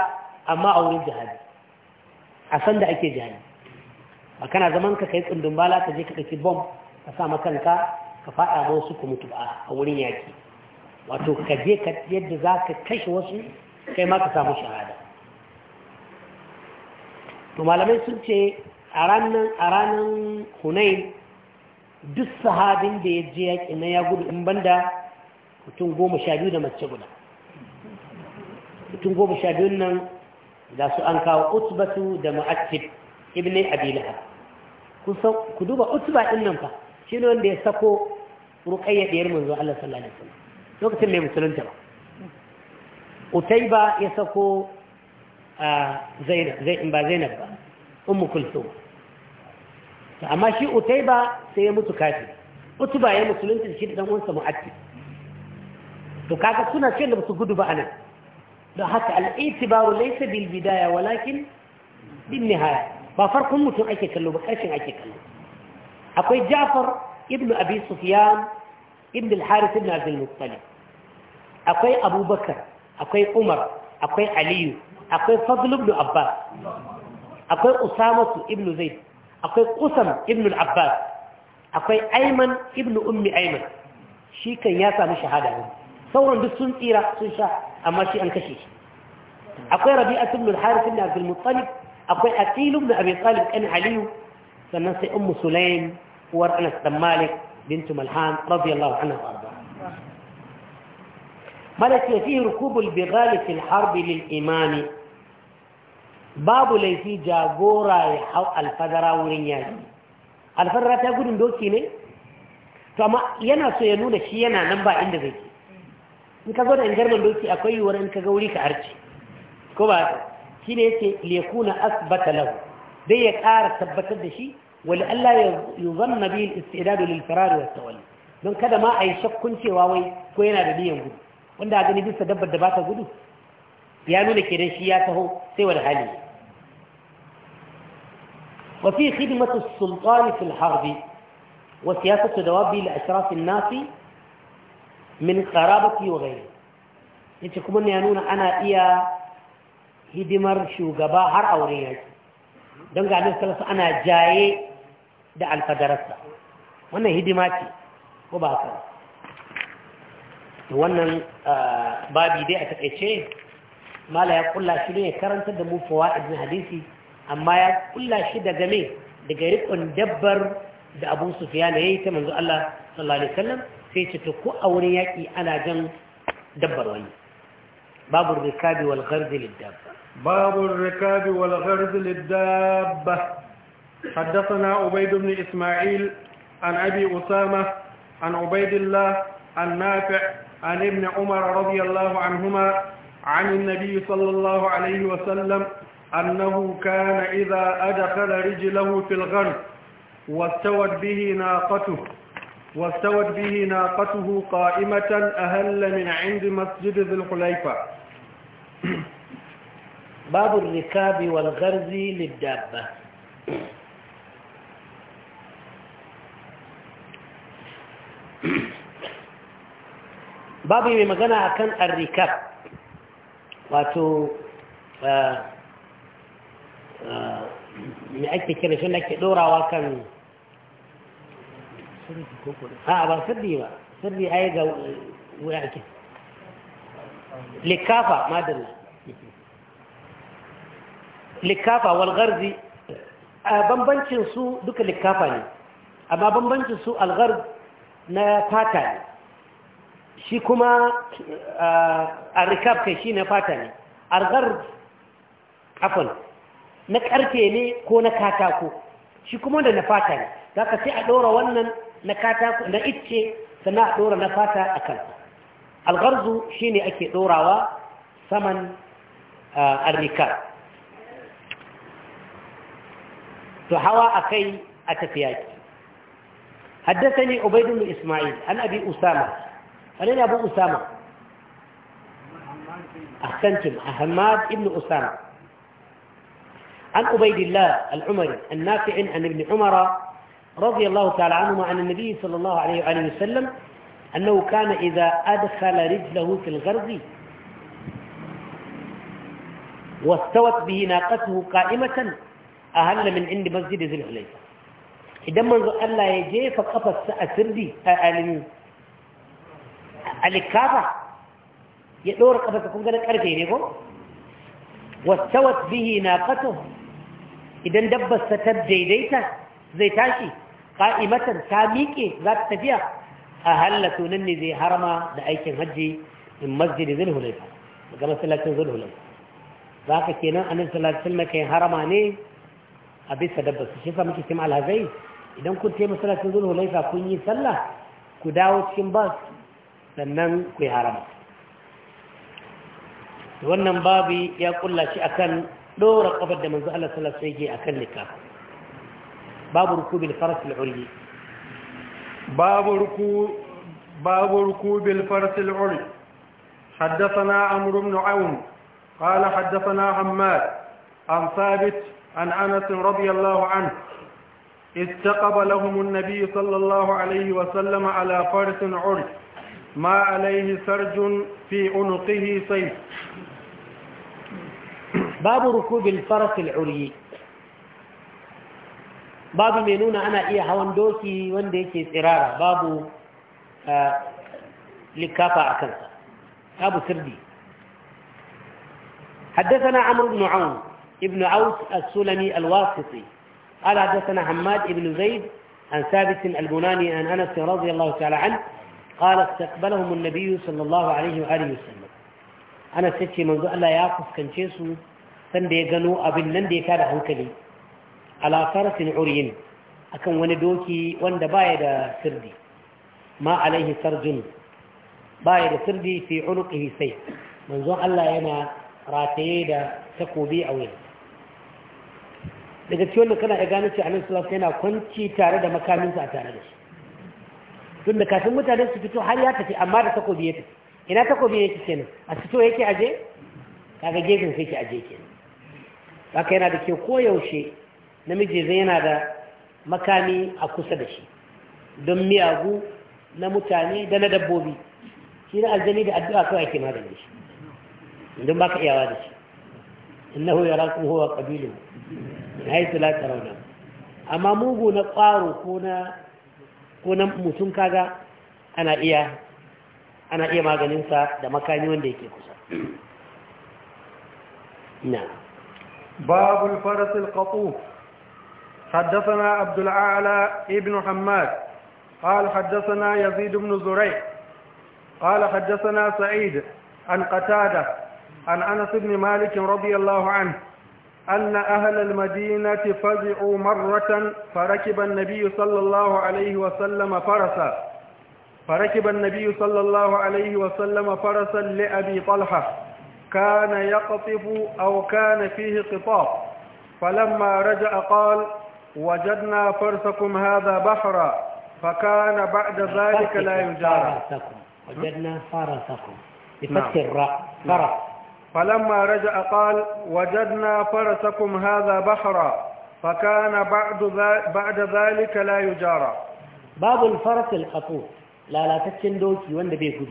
amma a wurin jihadi a san da ake jihadi ba kana zaman ka kai kundumbala ka je ka ɗauki bom ka sa makanka ka faɗa ba wasu ku mutu ba a wurin yaƙi wato ka je ka yadda za ka kashe wasu kai ma ka samu shahada to malamai sun ce a ranar hunai, duk sahabin da ya je yaƙi na ya gudu in banda mutum goma sha biyu da mace guda mutum goma sha biyun nan za su an kawo utubatu da ma'akif ibn abilaha ku duba utuba ɗin nan fa shi ne wanda ya sako ruƙayya ɗiyar manzo Allah sallallahu alaihi wasallam lokacin mai musulunta ba utaiba ya sako a ah, ba zainab ba ummu kulsum amma shi utaiba sai ya mutu kafi utuba ya musulunta shi da dan uwansa mu'atti to kaga suna cewa ba su gudu ba anan don haka al'itibaru laysa bil bidaya walakin bin nihaya ba farkon mutum ake kallo ba karshen ake kallo akwai Ja'far ibn Abi Sufyan ibn al-Harith ibn Abdul Muttalib akwai Abubakar akwai Umar akwai Aliyu akwai Fadl ibn Abbas akwai usamatu ibnu zaid akwai kusam ibnu abbas akwai ayman ibnu ummi ayman shi kan ya samu shahada ne sauran duk sun tsira sun sha amma shi an kashe shi akwai rabi'atu ibnu al-harith ibn abd al-muttalib akwai aqil ibn abi talib kan ali sannan sai ummu sulaim uwar anas dan malik bint malhan radiyallahu anha warda ملك فيه ركوب البغال في الحرب للإمام babu laifi jagora ya hau alfadara wurin yaji alfadara ta gudun doki ne to amma yana so ya nuna shi yana nan ba inda zai in ka zo da ingarman doki akwai yiwuwar in ka ga wuri ka arce ko ba shi ne yake lekuna asbata lau zai ya ƙara tabbatar da shi wali Allah ya zanna bi al lil firar wa tawalli don kada ma a yi shakkun cewa wai ko yana da niyan gudu wanda a gani bisa dabbar da ba ta gudu ya nuna kenan shi ya taho sai wani hali وفي خدمة السلطان في الحرب وسياسة دوابي لأشراف الناس من قرابتي وغيره yace kuma ya nuna ana iya hidimar shugaba har auren yaki don ga ana jaye da alfadararsa wannan hidima ce ko ba haka wannan babi dai a takaice mala ya kulla shi ne ya karanta da mu fawaid hadisi amma ya kulla shi daga me daga rikon dabbar da abu sufiya da ya yi ta manzo Allah sallallahu alaihi wasallam sai ce to ko a wurin yaƙi ana jan dabbar wani babu rikabi wal gharzi lidabba babu rikabi wal gharzi lidabba حدثنا عبيد بن Isma'il, an أبي أسامة an Ubaidillah, an عن an عن Umar عمر رضي الله عنهما عن النبي صلى الله عليه وسلم أنه كان إذا أدخل رجله في الغرب واستوت به ناقته واستوت به ناقته قائمة أهل من عند مسجد ذي الخليفة باب الركاب والغرز للدابة بابي mai كان الركاب واتو wato آه، me ake kira shi da ke ɗorawa kan a ba sirri ba sirri ai ga wuya ake likafa madalla likafa walgarzi a bambancin su duka likafa ne amma bambancin su algarz na fata ne shi kuma a rikaf kai shi na fata ne algarz afon na karfe ne ko na katako shi kuma da na fata ne za ka sai a ɗora wannan na katako na icce sannan a ɗora na fata a kan algarzu shi ne ake ɗorawa saman arnikar to hawa a kai a tafiya حدثني عبيد بن إسماعيل عن أبي أسامة عن أبو أسامة a أحمد بن Usama. عن عبيد الله العمري النافع عن ابن عمر رضي الله تعالى عنهما عن النبي صلى الله عليه وآله وسلم أنه كان إذا أدخل رجله في الغرز واستوت به ناقته قائمة أهل من عند مسجد ذي الحليفة إذا آه، آه، قال الله يجي فقفت السردي أعلم الكافة يدور قفتكم ذلك أرتينيكم واستوت به ناقته idan dabbar ta daidaita zai tashi ƙa'imatar ta miƙe za ta tafiya a hallatu nan ne zai harama da aikin hajji in masjidi zulhulaifa daga masallacin zulhulaifa za ka kenan a nan sallallahu kai harama ne a bisa dabbar su shi sa muke alhazai idan kun taimaka masallacin zulhulaifa kun yi sallah ku dawo cikin bas sannan ku yi harama wannan babu ya kulla shi akan دورة قبل من زعل ثلاث سيجي أكلك باب ركوب الفرس العري باب ركوب باب ركوب الفرس العري حدثنا عمرو بن عون قال حدثنا حماد عن ثابت عن أنس رضي الله عنه استقب لهم النبي صلى الله عليه وسلم على فرس عري ما عليه سرج في عنقه سيف باب ركوب الفرس العري باب mai انا ana هون hawan doki wanda yake لكافا babu ابو سردي حدثنا عمرو بن عون ابن عوس السلمي الواسطي قال حدثنا حماد بن زيد عن ثابت البناني عن انس رضي الله تعالى عنه قال استقبلهم النبي صلى الله عليه واله وسلم انا ستي منذ الله يعقوب كان شيسو sanda ya gano abin nan da ya kada hankali ala uriyin akan wani doki wanda baya da sirdi ma alaihi sarjun baya da sirdi fi unuqihi sai manzon Allah yana rataye da takobi a wuyan daga cikin wanda kana ya gano cewa annabi sallallahu alaihi yana kwanci tare da makaminsa a tare da shi tunda kafin mutane su fito har ya tafi amma da takobi ya tafi ina takobi yake kenan a fito yake aje kaga gefen sai ki aje kenan haka yana da ke koyaushe namiji zai yana da makami a kusa da shi don miyagu na mutane da na dabbobi shi na aljani da addu'a kawai ake magani shi don ba ka iyawa da shi huwa ya kun huwa kabilu na haisu la amma mugu na kwaro ko na mutum kaga ana iya ana iya maganinsa da makami wanda yake kusa na باب الفرس القطوف حدثنا عبد الأعلى ابن حماد قال حدثنا يزيد بن زريع قال حدثنا سعيد عن قتادة عن أنس بن مالك رضي الله عنه أن أهل المدينة فزعوا مرة فركب النبي صلى الله عليه وسلم فرسا فركب النبي صلى الله عليه وسلم فرسا لأبي طلحة كان يقطف أو كان فيه قطاف فلما رجع قال وجدنا فرسكم هذا بحرا فكان بعد نعم، ذلك لا يجارى وجدنا نعم. فرسكم نعم. بفتح الراء فرس فلما رجع قال وجدنا فرسكم هذا بحرا فكان بعد بعد ذلك لا يجارى باب الفرس القطوف لا لا تكن دوكي وين بي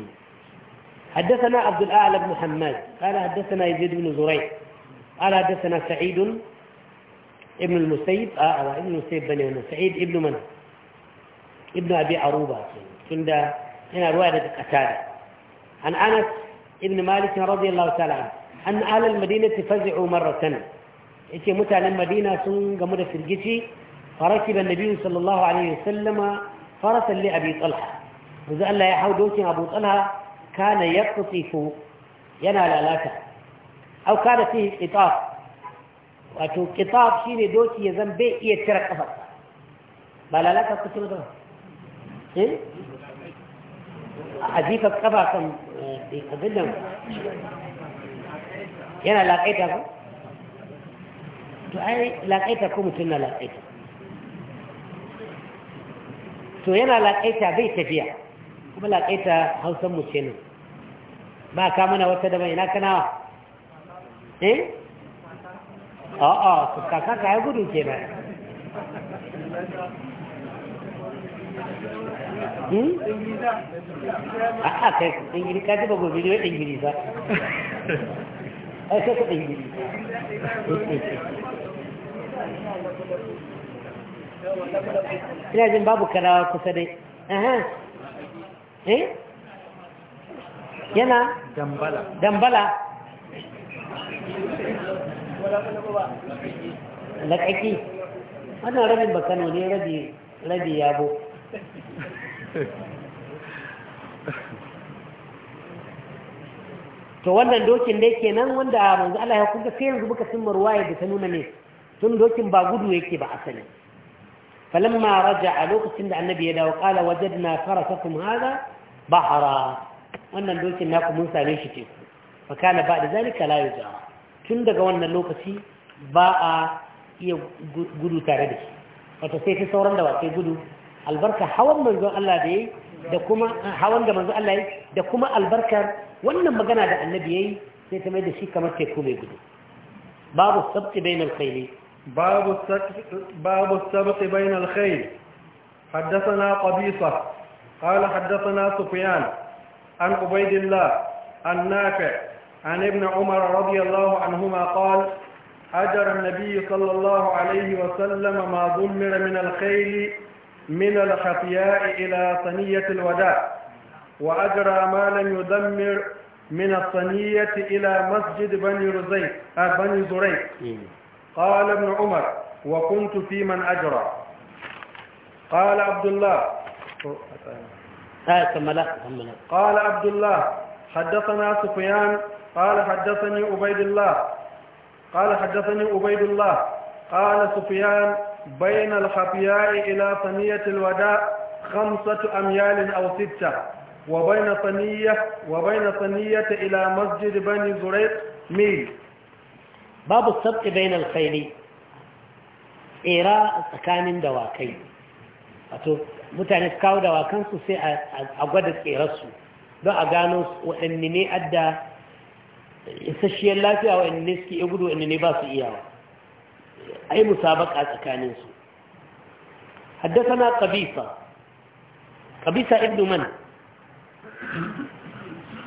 حدثنا عبد الأعلى بن حماد قال حدثنا يزيد بن زريع قال حدثنا سعيد ابن المسيب آه, آه، ابن المسيب بن هنا سعيد ابن من ابن أبي عروبة عند هنا رواية قتادة عن أنس ابن مالك رضي الله تعالى عنه أن أهل المدينة فزعوا مرة يتي متى المدينة سن في سرقتي فركب النبي صلى الله عليه وسلم فرسا لأبي طلحة وزأل لا يحاول دوتي أبو طلحة كان يقطف ينال الاكا او كان فيه قطاف واتو قطاف شيني دوتي يزن بي يترى إيه قفا ما الالاكا قتل دوه ايه عزيفة قفا كم بيقبلهم ينا لاقيتها كم اي لاقيتها كم تنا لاقيتها تو ينا لاقيتها بيت فيها كم لاقيتها هوسم مشينو ba ka mana wata da mai na kanawa eh a a su kaka ka ya gudu ke nan hmm? a kai ingiri ka ji ba gobe ne ingiri ba ai sai ka ingiri ina jin babu kanawa kusa dai eh yana dambala laƙaƙi ana rabin bakano ne rabi yabo to wannan dokin da yake nan wanda manzu Allah ya kunga sai yanzu muka cimma ruwaya da ta nuna ne tun dokin ba gudu yake ba asali falamma raja a lokacin da annabi ya dawo kala wajadna faratakum hada bahara wannan dokin naku mun same shi teku kana ba da zalika la yuja tun daga wannan lokaci ba a iya gudu tare da shi wato sai ta sauran da wace gudu albarka hawan manzon Allah da yayi da kuma hawan da manzon Allah yayi da kuma albarkar wannan magana da annabi yayi sai ta mai da shi kamar teku mai gudu babu sabti bainal khayli babu sabti babu sabti bainal khayl حدثنا قبيصة قال حدثنا سفيان عن عبيد الله عن نافع عن ابن عمر رضي الله عنهما قال أجر النبي صلى الله عليه وسلم ما ضمر من الخيل من الخفياء إلى صنية الوداع وأجرى ما لم يدمر من الصنية إلى مسجد بني رزيق آه، بني زريق قال ابن عمر وكنت في من أجرى قال عبد الله قال عبد الله حدثنا سفيان قال حدثني عبيد الله قال حدثني عبيد الله قال سفيان بين الخفياء إلى ثنية الوداع خمسة أميال أو ستة وبين ثنية وبين ثنية إلى مسجد بني زريق ميل باب السبق بين الخيل إيراء سكان دواكين wato mutane su kawo dawakansu sai a gwada tserarsu don a gano waɗanne ne adda isasshiyar lafiya waɗanne ne suke gudu waɗanne ne ba su iyawa a yi musabaka tsakaninsu haddasa ƙabisa ƙabisa ibn man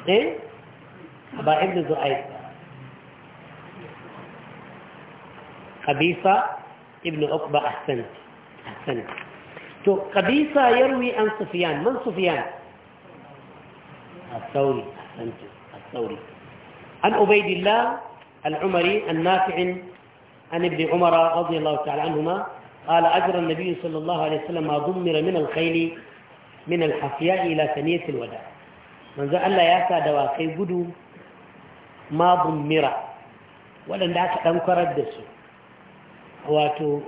eh ba ibn zu'ai ƙabisa ibn uqba ahsan ahsan تو قبيصة يروي عن سفيان من سفيان الثوري أحسنت الثوري عن عبيد الله العمري النافع عن ابن عمر رضي الله تعالى عنهما قال أجر النبي صلى الله عليه وسلم ما ضمر من الخيل من الحفياء إلى ثنية الوداع من ذا يا سادة دواقي قدو ما ضمر ولن دعك أنكر الدسو واتو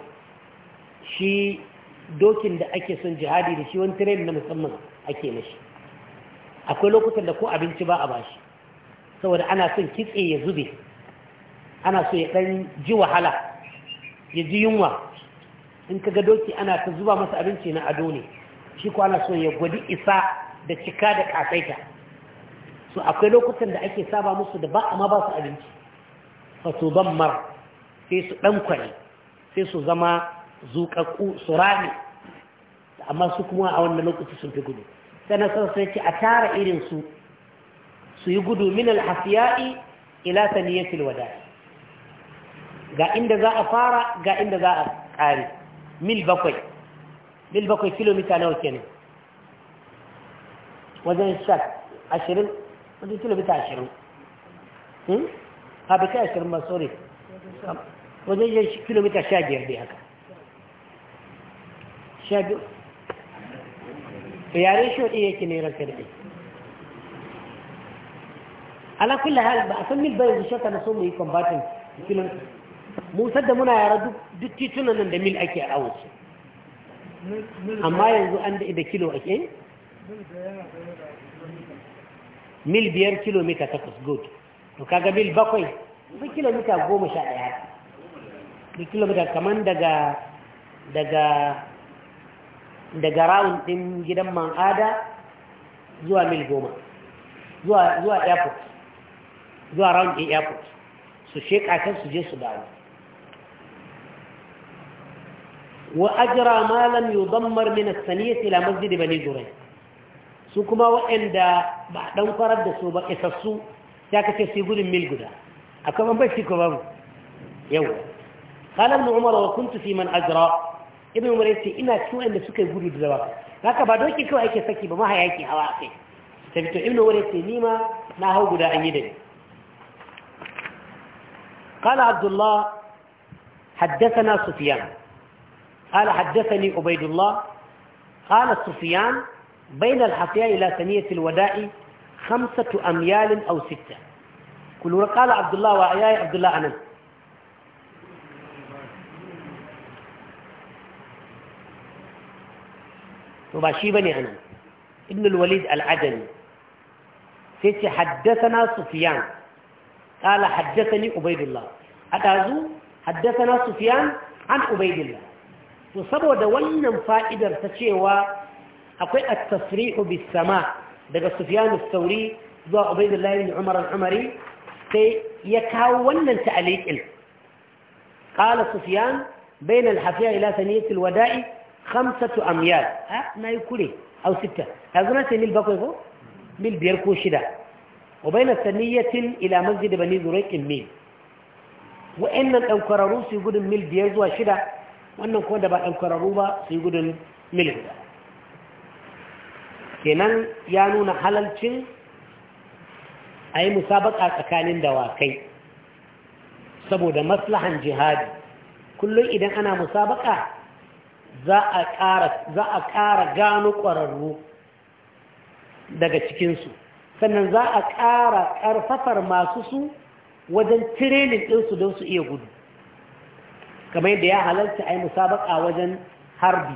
شي dokin da ake son jihadi da shi wani tiren na musamman ake mashi akwai lokutan da ko abinci ba a bashi saboda ana son kitse ya zube ana so ya ɗan ji wahala ya ji yunwa in ka ga doki ana ta zuba masa abinci na ado ne shi ko ana so ya gwadi isa da cika da ƙasaita so akwai lokutan da ake saba musu da ba amma ba su abinci fato ban mara sai su ɗan kwari sai su zama zuƙaƙu rami amma su kuma a wannan lokaci sun fi gudu sannan sun sai ce a tara irin su su yi gudu min alhafiya'i ila saniyatil wada'i ga inda za a fara ga inda za a ƙare mil bakwai mil bakwai kilomita nawa kenan wajen shak ashirin wajen kilomita ashirin ha bai kai ashirin ba sorry wajen kilomita sha biyar bai haka sha yare shi yake ne ranka da ala kulli hal ba a san mil bayan shakka na so mu yi combatin filin mu da muna yara duk titunan nan da mil ake a su amma yanzu an da ida kilo ake mil biyar kilomita takwas good to kaga mil bakwai duk kilomita goma sha ɗaya duk kilomita kamar daga daga daga rawun ɗin gidan man'ada zuwa mil goma zuwa airport zuwa rawun ɗin airport su sheƙa kan su je su dawo wa ajira malam yi zammar min saniyar ila masjidi bane durai su kuma waɗanda ba a ɗan farar da su ba isassu ya kace su gudun mil guda akwai ban bai shi ko babu yau قال ابن عمر وكنت في من أجرى ibn umar yace ina cikin wanda suka gudu da dawa haka ba doki kawai ake saki ba mahaya yake hawa akai sai to ibn umar yace ni ma na hau guda an yi da ni قال عبد الله حدثنا سفيان قال حدثني عبيد الله قال سفيان بين الحصياء إلى ثنية الوداع خمسة أميال أو ستة كل قال عبد الله وعياي عبد الله أنس to ba shi bane anan ibn al-walid al sai ce haddathana sufyan qala haddathani ubaydullah atazu haddathana sufyan an ubaydullah to saboda wannan fa'idar ta cewa akwai at-tasrihu sama daga sufyan al zuwa ubaydullah umar umari sai ya kawo wannan ta'liqin ƙala sufyan bayna al-hafiya ila saniyat al-wada'i khamsatu amyal a na yi kure au sita yanzu na ce mil bakwai ko mil biyar ko shida wa bayna saniyatin ila masjid bani zuraiqin mil wa'annan dan kwararru su gudun mil biyar zuwa shida wannan ko ba ɗan kwararru ba su gudun mil kenan ya nuna halalcin ayi yi musabaka tsakanin dawakai saboda maslahan jihadi kullum idan ana musabaka za a ƙara gano ƙwararru daga cikinsu sannan za a ƙara ƙarfafar masu su wajen tirenin ɗinsu don su iya gudu kamar yadda ya halarci, a yi musabaka wajen harbi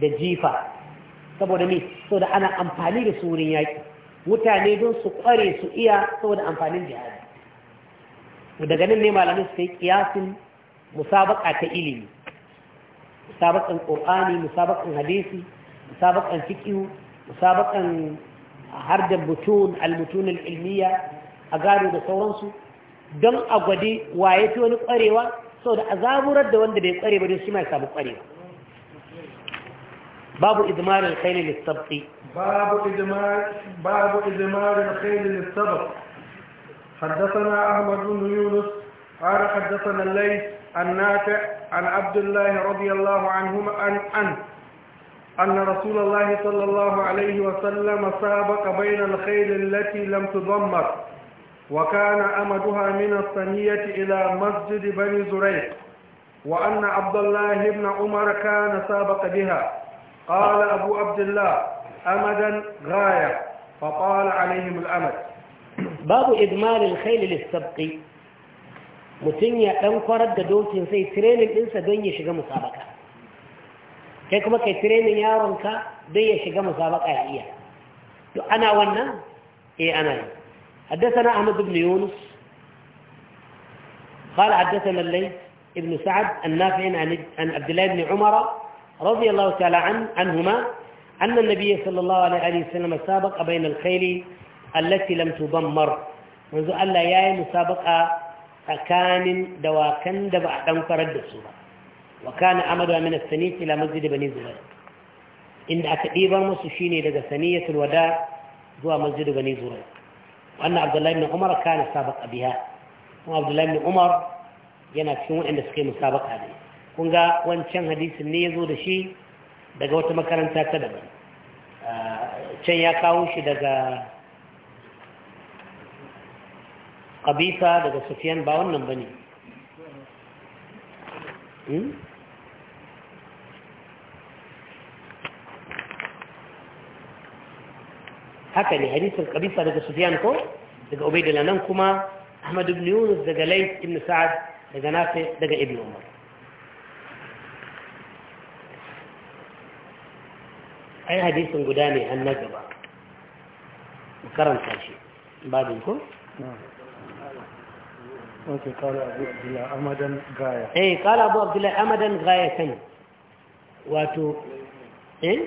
da jifa saboda mai saboda ana amfani da surin yaƙi mutane don su ƙware su iya saboda amfanin jihadi daga nan ne malamai su yi ƙiyasin musabaka ta ilimi musabakan qur'ani musabakan hadisi musabakan fiqh musabakan har da butun al-mutun al-ilmiya a gado da sauransu don a gwade waye fi wani ƙwarewa? sau da a zaburar da wanda bai ƙware ba don shi mai samu ƙwarewa. babu izmarin kaini lissabi babu izmarin kaini lissabi حدثنا أحمد بن يونس قال حدثنا الليث النافع عن عبد الله رضي الله عنهما عن أن أن رسول الله صلى الله عليه وسلم سابق بين الخيل التي لم تضمر وكان أمدها من الصنية إلى مسجد بني زريق وأن عبد الله بن عمر كان سابق بها قال أبو عبد الله أمدا غاية فقال عليهم الأمد باب إدمار الخيل للسبق mutum ya ɗan kwarar da dokin sai training din sa don ya shiga musabaka kai kuma kai training yaron ka don ya shiga musabaka ya iya to ana wannan eh ana yi حدثنا أحمد بن يونس قال حدثنا الليث بن سعد النافع عن عبد الله بن عمر رضي الله تعالى عنه عنهما أن النبي صلى الله عليه وسلم سابق بين الخيل التي لم تدمر منذ أن لا ياي مسابقة tsakanin dawakan da ba a ɗan farar da su ba wa kana amadu amina sani ila masjid bani zubair inda aka ɗiba musu shine daga saniyatul wada zuwa masjid bani zubair wannan abdullahi ibn umar kana sabaqa biha kuma abdullahi ibn umar yana cikin waɗanda suke yi musabaqa ne kun ga wancan hadisin ne ya zo da shi daga wata makaranta ta daban ah, can ya kawo shi daga ƙabisa daga sufiyan ba wannan ba ne hmm? haka ne hadisar ƙabisa daga sufiyan ko daga ubaidila nan kuma ahmad ibn yunus daga Lai, ibn sa'ad daga nafi daga ibn umar yi hadisun guda ne an na gaba karanta shi babin ko? اوكي قال ابو عبد الله امدا غايه اي قال ابو عبد الله امدا غايه واتو ايه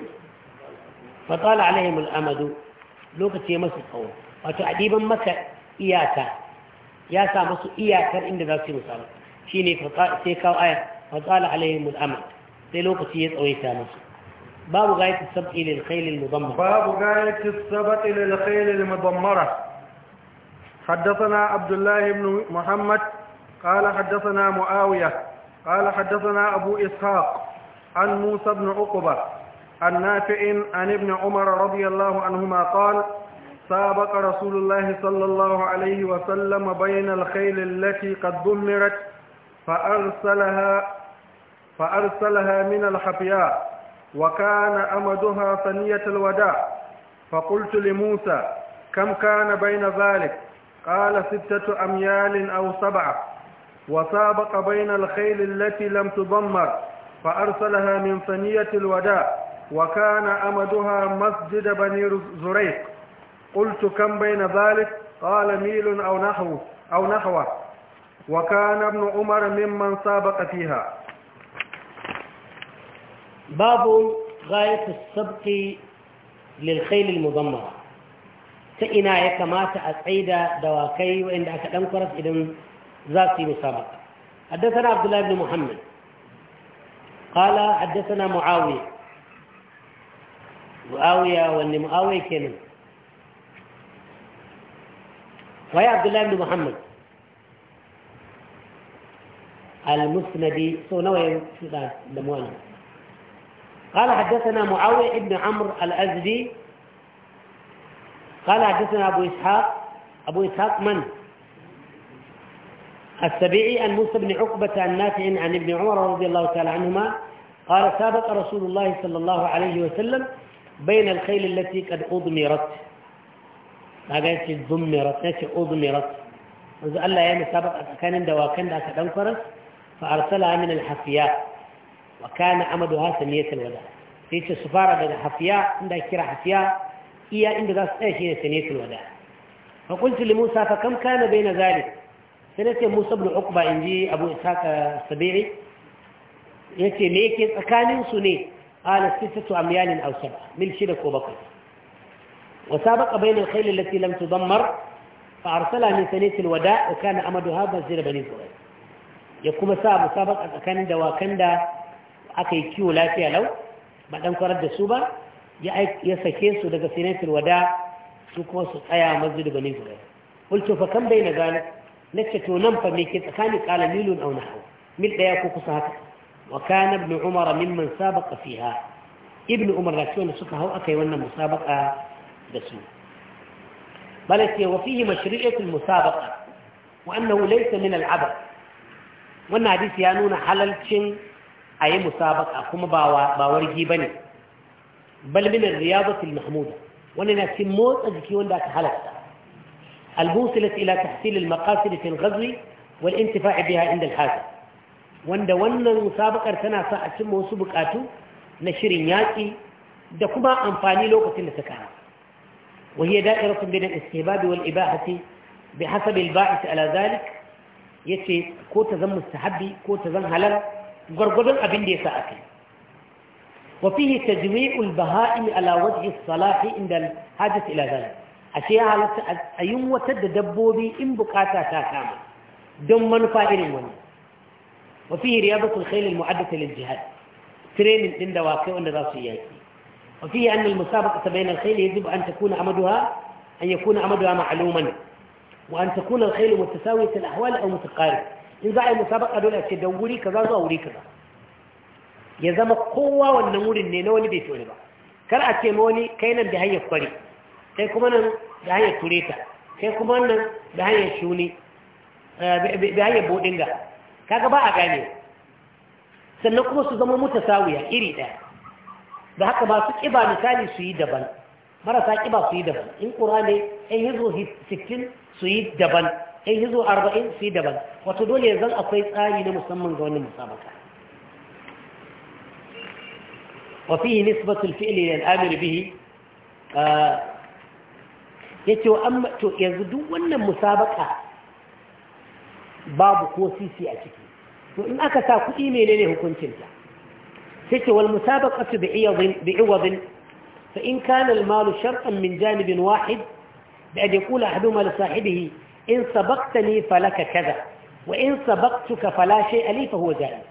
فطال عليهم الامد لوكتي مس القوم واتو اديبا مكه اياكا يا سامس مسو اياكر عند ذاك مسال شيني فقال سيكاو ايه فقال عليهم الامد sai lokaci ya باب غايه babu gayat sab'i lil باب غاية السبق babu gayat حدثنا عبد الله بن محمد قال حدثنا معاوية قال حدثنا أبو إسحاق عن موسى بن عقبة عن نافع عن ابن عمر رضي الله عنهما قال سابق رسول الله صلى الله عليه وسلم بين الخيل التي قد دمرت فأرسلها فأرسلها من الحفياء وكان أمدها ثنية الوداع فقلت لموسى كم كان بين ذلك قال ستة أميال أو سبعة وسابق بين الخيل التي لم تضمر فأرسلها من ثنية الوداع وكان أمدها مسجد بني زريق قلت كم بين ذلك قال ميل أو نحو أو نحوه وكان ابن عمر ممن سابق فيها باب غاية السبق للخيل المضمرة ta ina ya kamata a tsaida dawakai waɗanda aka ɗan kwaras idan za su yi musamman. Haddasana Abdullahi bin Muhammad, ƙala haddasana Mu'awiyya, Mu'awiyya wanne Mu'awiyya ke nan. Waya Abdullahi bin Muhammad, al-Musnadi, so nawa ya suɗa da muwanin. Ƙala haddasana Mu'awiyya ibn Amr al-Azdi, قال حدثنا أبو إسحاق أبو إسحاق من؟ السبيعي عن موسى بن عقبة عن نافع عن ابن عمر رضي الله تعالى عنهما قال سابق رسول الله صلى الله عليه وسلم بين الخيل التي قد أضمرت ما قالت ضمرت ناس أضمرت منذ ألا يام سابق كان دواكن ذاك دنفرس فأرسلها من الحفياء وكان عمدها سمية الوداع في سفارة بين الحفياء عندها كرا حفياء iya inda za su tsaya shi ne sanatul wada fa musa fa kam kana na zalik sai ce musa ibn in inji abu isaka sabiri ce me yake tsakanin su ne ala ta amyalin aw sab'a mil shida ko bakwai wa sabaqa bayna al-khayl allati lam tudammar fa arsala min sanatul wada kana amadu hadha zira bani zurai ya kuma sa musabaqa tsakanin dawakan da aka yi kiwo lafiya lau ba ɗan kwarar da su ba ya sake su daga sinatul wada su kuma su tsaya masjid bani zurai qultu fa kam baina zalik nace to nan fa me ke tsakanin qala aw nahwa mil daya ko kusa haka wa kana ibn umar mimman sabaqa fiha ibn umar da suka hau akai wannan musabaka da su balake wa fihi mashri'atul musabaqa wa annahu laysa min al'abad wannan hadisi ya nuna halalcin ayi musabaƙa kuma ba ba wargi bane bal min ar-riyadati mahmuda wannan na cin motsa jiki wanda aka halarta al-musilat ila tahsil al-maqasid fi al-ghazw wal intifa' biha inda al-haja wanda wannan musabakar tana sa a cimma wasu bukatu na shirin yatsi da kuma amfani lokacin da ta kara وهي دائرة بين الاستهباب والإباحة بحسب الباعث على ذلك يتي كو تزم مستحبي كو تزم هلال غرغدن أبين دي ساعتين وفيه تجميع البهائم على وجه الصلاح عند الحاجة إلى ذلك أشياء على أيوم وتدبوا بي إن بقاتا تاكاما دم من فائر وني وفيه رياضة الخيل المعدة للجهاد ترين من دواقع وأن وفيه أن المسابقة بين الخيل يجب أن تكون عمدها أن يكون عمدها معلوما وأن تكون الخيل متساوية الأحوال أو متقاربة إن ذا المسابقة دولة تدوري كذا ظهوري كذا ya zama kowa wannan wurin ne na wani bai tori ba kar a ce wani kai nan da hanyar kwari kai kuma nan da hanyar tureta kai kuma nan da hanyar shuni da eh, hanyar bodinga kaga ba a gane sannan kuma su zama sawuya iri ɗaya da haka ba su kiba misali su yi daban marasa kiba su yi daban in kura ne in hizo 60 su yi daban in hizo 40 su yi daban wato dole yanzu akwai tsari na musamman ga wani musabaka وفيه نسبة الفعل إلى الآمر به آه، يزدون مسابقة باب كوسيسي أكتو وإن أكتا قئيمي لليه كنت انت سيكي والمسابقة بعوض فإن كان المال شرقا من جانب واحد بأن يقول أحدهما لصاحبه إن سبقتني فلك كذا وإن سبقتك فلا شيء لي فهو جائز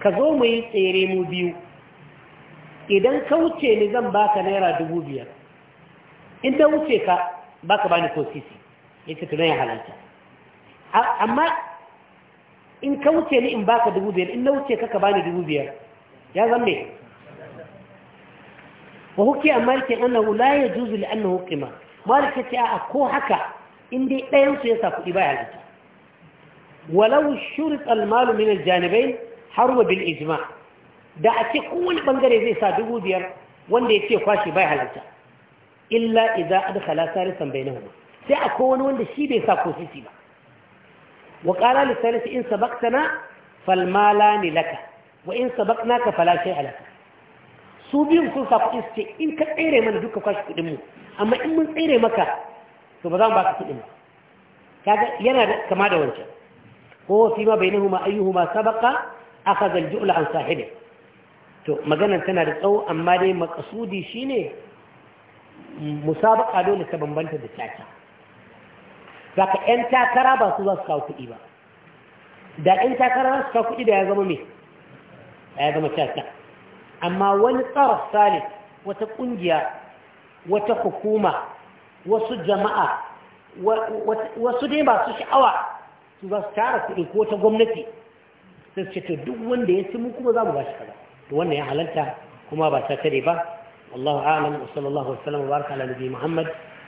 ka zo mu yi tsere mu biyu idan ka wuce ni zan baka naira dubu biyar in ta wuce ka baka bani ko sisi ya ce tunayin ya halarta amma in ka wuce ni in baka dubu biyar in na wuce ka ka bani dubu biyar ya zan me wa hukke a malikin annahu la ya juzu li annahu kima malik ce a ko haka in dai ɗayansu ya sa kuɗi ba ya halarta walau shurit almalu min aljanibai har wa bil ijma da a ce kowane bangare zai sa dubu biyar wanda ya ce kwashi bai halarta illa idza adkhala salisan bainahuma sai akwai wani wanda shi bai sa ko sisi ba wa qala li salis in sabaqtana fal malani laka wa in sabaqnaka fala shay'a laka su biyun sun sa kuɗi su ce in ka tsere mana duka kwashi kuɗin mu amma in mun tsere maka to ba za mu baka kuɗin ba kaga yana kama da wancan ko fi ma bainahuma ayyuhuma sabaqa akhadha al-ju'la to maganar tana da tsawo amma dai makasudi shine musabaka dole ta bambanta da caca zaka yan takara ba su za kawo kuɗi ba da yan takara za su kawo kuɗi da ya zama me ya zama caca amma wani tsara salif wata ƙungiya wata hukuma wasu jama'a wasu dai masu sha'awa su za tara kuɗi ko ta gwamnati sai ce to duk wanda ya ci mu kuma za mu ba shi kaza to wannan ya halarta kuma ba ta tare ba wallahu a'lam wa sallallahu alaihi wa baraka ala nabi muhammad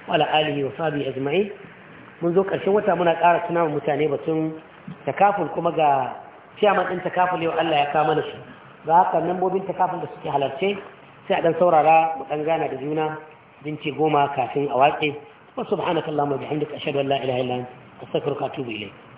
wa ala alihi wa sahbihi ajma'in mun zo karshen wata muna ƙara tuna wa mutane batun takaful kuma ga ciyaman ɗin takaful yau Allah ya kawo mana shi ga haka nambobin takaful da suke halarce sai a ɗan saurara mu ɗan gana da juna binci goma kafin a waƙe wa subhanakallahumma bihamdika ashhadu an la ilaha illa anta astaghfiruka wa atubu ilayk